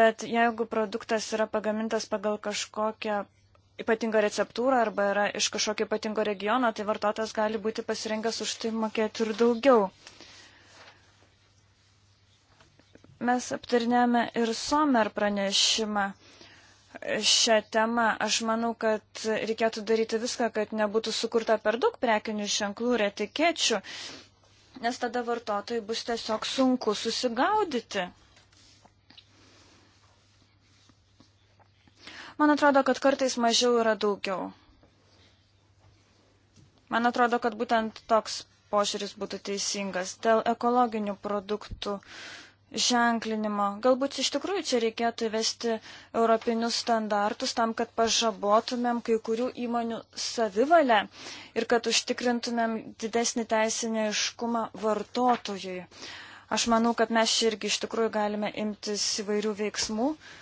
Bet jeigu produktas yra pagamintas pagal kažkokią ypatingą receptūrą arba yra iš kažkokio ypatingo regiono, tai vartotojas gali būti pasirengęs už tai mokėti ir daugiau. Mes aptarinėjame ir Somer pranešimą šią temą. Aš manau, kad reikėtų daryti viską, kad nebūtų sukurta per daug prekinių ženklų ir etikečių, nes tada vartotojai bus tiesiog sunku susigaudyti. Man atrodo, kad kartais mažiau yra daugiau. Man atrodo, kad būtent toks požiūris būtų teisingas. Dėl ekologinių produktų ženklinimo. Galbūt iš tikrųjų čia reikėtų įvesti europinius standartus tam, kad pažabotumėm kai kurių įmonių savivalę ir kad užtikrintumėm didesnį teisinį iškumą vartotojui. Aš manau, kad mes irgi iš tikrųjų galime imtis įvairių veiksmų. Uh,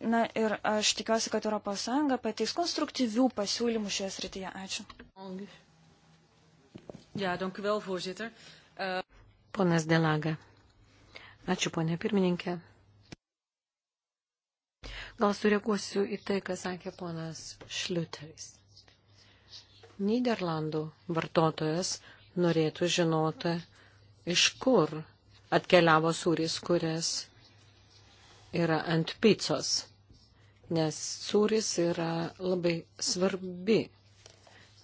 Na ir aš tikiuosi, kad ES pateiks konstruktyvių pasiūlymų šioje srityje. Ačiū. Ja, dank u wel, voorzitter. Uh... Ponas Delaga. Ačiū, ponė pirmininkė. Gal sureaguosiu į tai, ką sakė ponas Šliuteris. Niderlandų vartotojas norėtų žinoti, iš kur atkeliavo sūris, kurias yra ant picos, nes sūris yra labai svarbi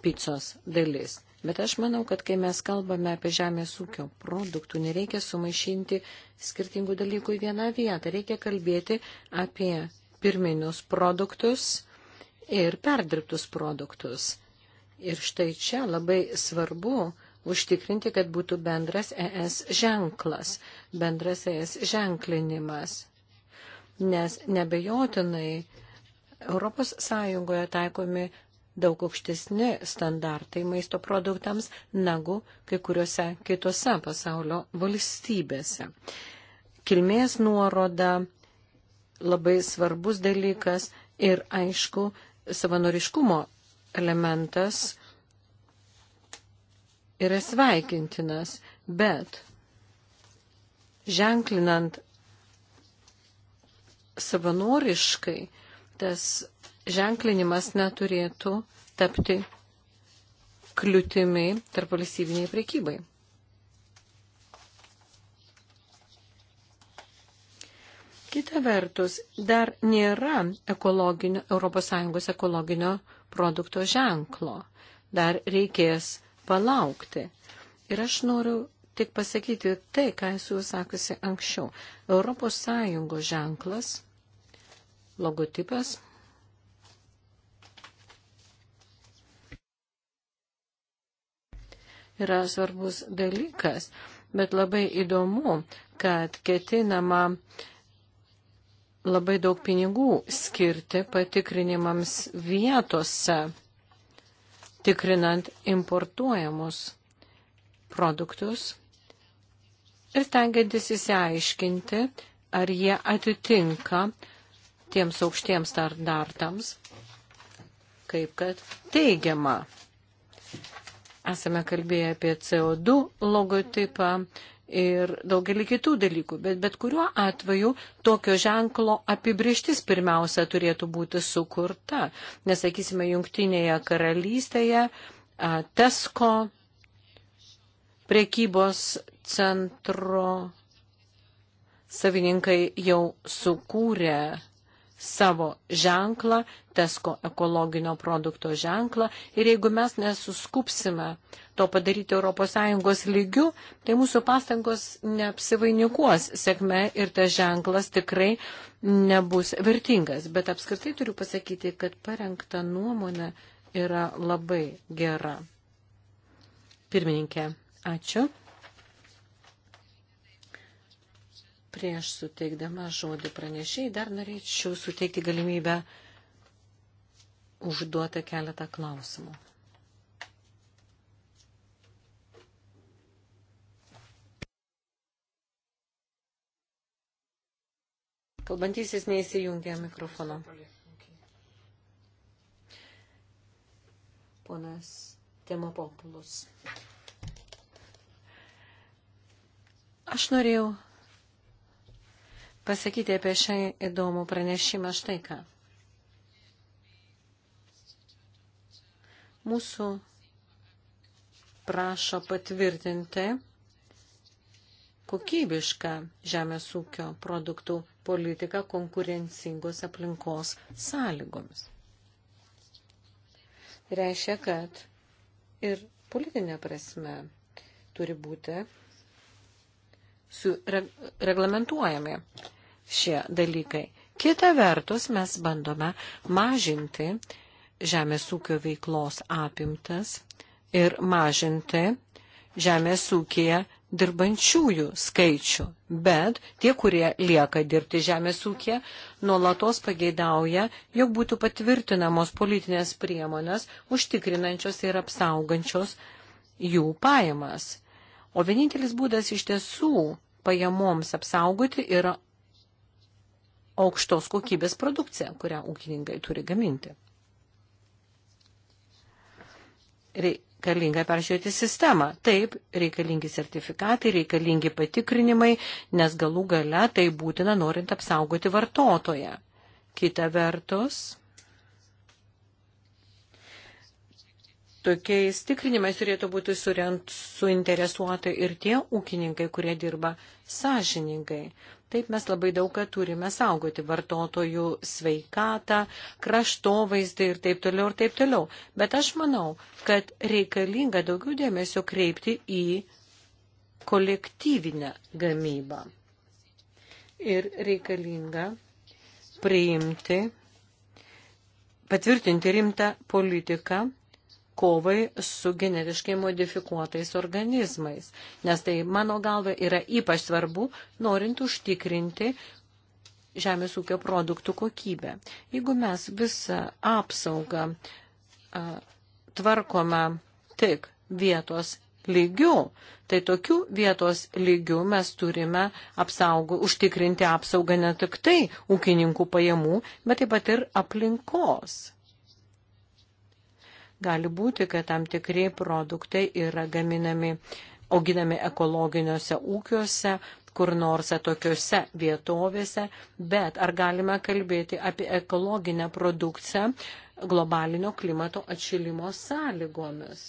picos dalis. Bet aš manau, kad kai mes kalbame apie žemės ūkio produktų, nereikia sumaišinti skirtingų dalykų į vieną vietą. Reikia kalbėti apie pirminius produktus ir perdirbtus produktus. Ir štai čia labai svarbu užtikrinti, kad būtų bendras ES ženklas, bendras ES ženklinimas nes nebejotinai ES taikomi daug aukštesni standartai maisto produktams negu kai kuriuose kitose pasaulio valstybėse. Kilmės nuoroda labai svarbus dalykas ir aišku savanoriškumo elementas yra sveikintinas, bet ženklinant savanoriškai tas ženklinimas neturėtų tapti kliūtimi tarp valstybiniai prekybai. Kita vertus, dar nėra ekologinio, ES ekologinio produkto ženklo. Dar reikės palaukti. Ir aš noriu tik pasakyti tai, ką esu sakusi anksčiau. Europos Sąjungos ženklas, logotipas. Yra svarbus dalykas, bet labai įdomu, kad ketinama labai daug pinigų skirti patikrinimams vietose, tikrinant importuojamus produktus ir stengiantis įsiaiškinti, ar jie atitinka tiems aukštiems standartams, kaip kad teigiama. Esame kalbėję apie CO2 logotipą ir daugelį kitų dalykų, bet bet kuriuo atveju tokio ženklo apibrieštis pirmiausia turėtų būti sukurta, nes, sakysime, jungtinėje karalystėje Tesco prekybos centro savininkai jau sukūrė savo ženklą, Tesko ekologinio produkto ženklą ir jeigu mes nesuskupsime to padaryti ES lygiu, tai mūsų pastangos neapsivainikuos sėkme ir tas ženklas tikrai nebus vertingas. Bet apskritai turiu pasakyti, kad parengta nuomonė yra labai gera. Pirmininkė, ačiū. Prieš suteikdama žodį pranešiai dar norėčiau suteikti galimybę užduoti keletą klausimų. Kalbantysis neįsijungia mikrofono. Ponas Temopopulus. Aš norėjau pasakyti apie šią įdomų pranešimą štai ką. Mūsų prašo patvirtinti kokybišką žemės ūkio produktų politiką konkurencingos aplinkos sąlygomis. Reiškia, kad ir politinė prasme turi būti reglamentuojami šie dalykai. Kita vertus, mes bandome mažinti žemės ūkio veiklos apimtas ir mažinti žemės ūkėje dirbančiųjų skaičių, bet tie, kurie lieka dirbti žemės ūkė, nuolatos pageidauja, jog būtų patvirtinamos politinės priemonės, užtikrinančios ir apsaugančios jų pajamas. O vienintelis būdas iš tiesų pajamoms apsaugoti yra aukštos kokybės produkcija, kurią ūkininkai turi gaminti. Reikalinga peržiūrėti sistemą. Taip, reikalingi sertifikatai, reikalingi patikrinimai, nes galų gale tai būtina norint apsaugoti vartotoją. Kita vertus, tokiais tikrinimais turėtų būti surent, suinteresuoti ir tie ūkininkai, kurie dirba sąžiningai. Taip mes labai daug ką turime saugoti - vartotojų sveikatą, kraštovaizdį ir taip toliau ir taip toliau. Bet aš manau, kad reikalinga daugiau dėmesio kreipti į kolektyvinę gamybą. Ir reikalinga priimti, patvirtinti rimtą politiką kovai su generiškai modifikuotais organizmais. Nes tai, mano galva, yra ypač svarbu, norint užtikrinti žemės ūkio produktų kokybę. Jeigu mes visą apsaugą a, tvarkome tik vietos lygių, tai tokių vietos lygių mes turime apsaugo, užtikrinti apsaugą ne tik tai ūkininkų pajamų, bet taip pat ir aplinkos. Gali būti, kad tam tikri produktai yra gaminami, auginami ekologiniuose ūkiuose, kur nors atokiuose vietovėse, bet ar galime kalbėti apie ekologinę produkciją globalinio klimato atšilimo sąlygomis?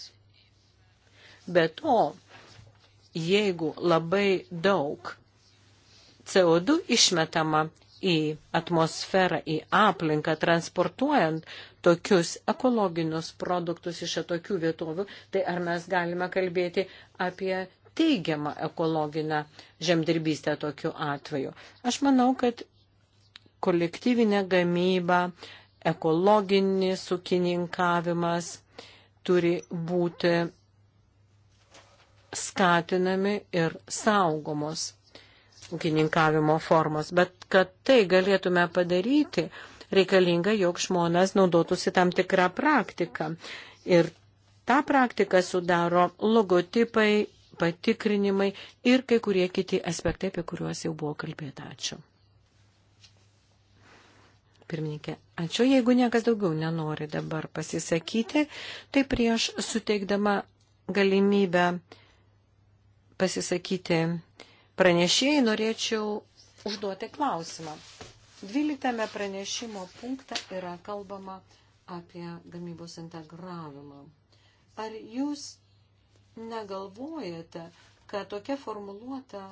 Be to, jeigu labai daug CO2 išmetama į atmosferą, į aplinką, transportuojant tokius ekologinius produktus iš atokių vietovių, tai ar mes galime kalbėti apie teigiamą ekologinę žemdirbystę tokiu atveju. Aš manau, kad kolektyvinė gamyba, ekologinis sukininkavimas turi būti skatinami ir saugomos ūkininkavimo formos, bet kad tai galėtume padaryti, reikalinga, jog žmonės naudotųsi tam tikrą praktiką. Ir tą praktiką sudaro logotipai, patikrinimai ir kai kurie kiti aspektai, apie kuriuos jau buvo kalbėta. Ačiū. Pirmininkė, ačiū. Jeigu niekas daugiau nenori dabar pasisakyti, tai prieš suteikdama galimybę pasisakyti pranešėjai norėčiau užduoti klausimą. 12 pranešimo punkte yra kalbama apie gamybos integravimą. Ar jūs negalvojate, kad tokia formuluota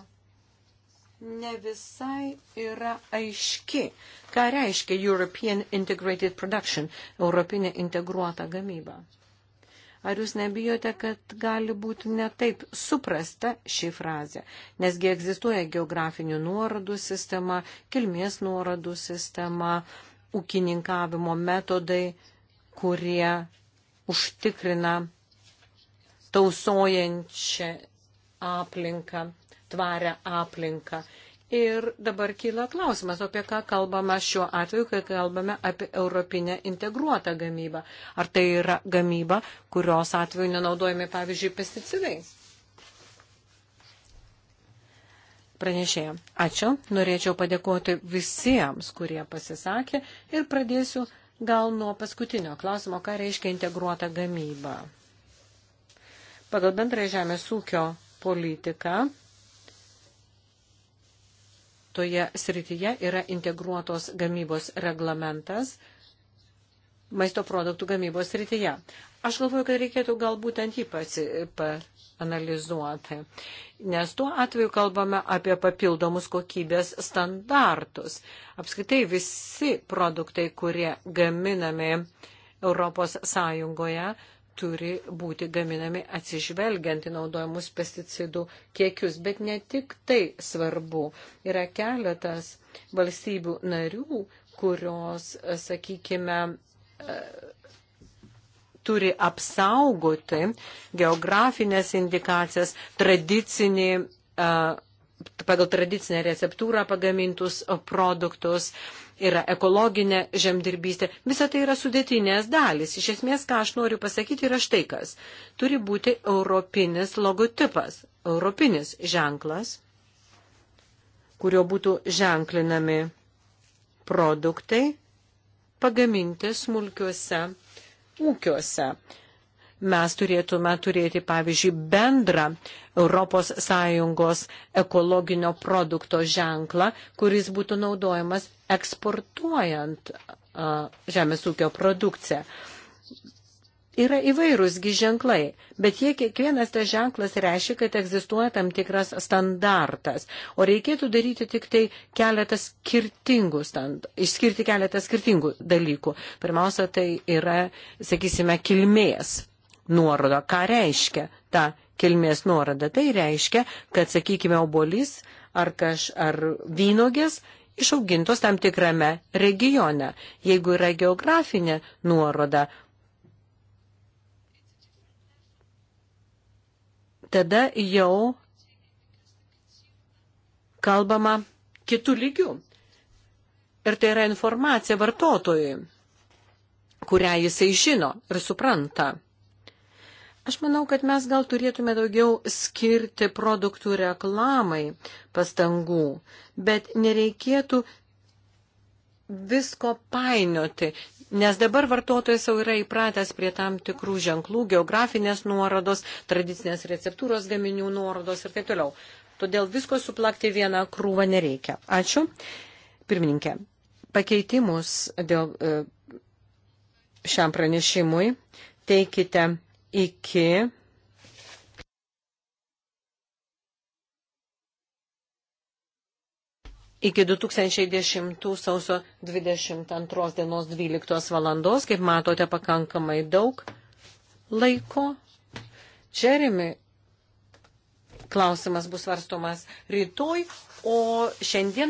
ne visai yra aiški. Ką reiškia European Integrated Production, Europinė integruota gamyba? Ar jūs nebijote, kad gali būti netaip suprasta ši frazė? Nesgi egzistuoja geografinių nuorodų sistema, kilmės nuorodų sistema, ūkininkavimo metodai, kurie užtikrina tausojančią aplinką, tvarę aplinką. Ir dabar kyla klausimas, apie ką kalbama šiuo atveju, kai kalbame apie europinę integruotą gamybą. Ar tai yra gamyba, kurios atveju nenaudojami, pavyzdžiui, pesticidai? Pranešėjom. Ačiū. Norėčiau padėkoti visiems, kurie pasisakė ir pradėsiu gal nuo paskutinio klausimo, ką reiškia integruota gamyba. Pagal bendrąją žemės ūkio politiką toje srityje yra integruotos gamybos reglamentas maisto produktų gamybos srityje. Aš galvoju, kad reikėtų gal būtent jį analizuoti. Nes tuo atveju kalbame apie papildomus kokybės standartus. Apskritai visi produktai, kurie gaminami Europos Sąjungoje, turi būti gaminami atsižvelgiant į naudojimus pesticidų kiekius. Bet ne tik tai svarbu. Yra keletas valstybių narių, kurios, e, sakykime, e, turi apsaugoti geografinės indikacijas, tradicinį, e, pagal tradicinę receptūrą pagamintus produktus, yra ekologinė žemdirbystė. Visa tai yra sudėtinės dalis. Iš esmės, ką aš noriu pasakyti, yra štai kas. Turi būti europinis logotipas, europinis ženklas, kurio būtų ženklinami produktai pagaminti smulkiuose ūkiuose mes turėtume turėti, pavyzdžiui, bendrą ES ekologinio produkto ženklą, kuris būtų naudojamas eksportuojant žemės ūkio produkciją. Yra įvairūsgi ženklai, bet jie kiekvienas tas ženklas reiškia, kad egzistuoja tam tikras standartas, o reikėtų daryti tik tai keletą skirtingų, stand, išskirti keletą skirtingų dalykų. Pirmiausia, tai yra, sakysime, kilmės nuoroda. Ką reiškia ta kilmės nuoroda? Tai reiškia, kad, sakykime, obolys ar, kaž, ar vynogės išaugintos tam tikrame regione. Jeigu yra geografinė nuoroda, tada jau kalbama kitų lygių. Ir tai yra informacija vartotojui, kurią jisai žino ir supranta. Aš manau, kad mes gal turėtume daugiau skirti produktų reklamai pastangų, bet nereikėtų visko painioti, nes dabar vartotojas jau yra įpratęs prie tam tikrų ženklų, geografinės nuorodos, tradicinės receptūros gaminių nuorodos ir taip toliau. Todėl visko suplakti vieną krūvą nereikia. Ačiū. Pirmininkė, pakeitimus dėl e, šiam pranešimui teikite iki iki 2010 sausio 22 dienos 12 valandos, kaip matote, pakankamai daug laiko. Jeremy klausimas bus varstomas rytoj, o šiandieną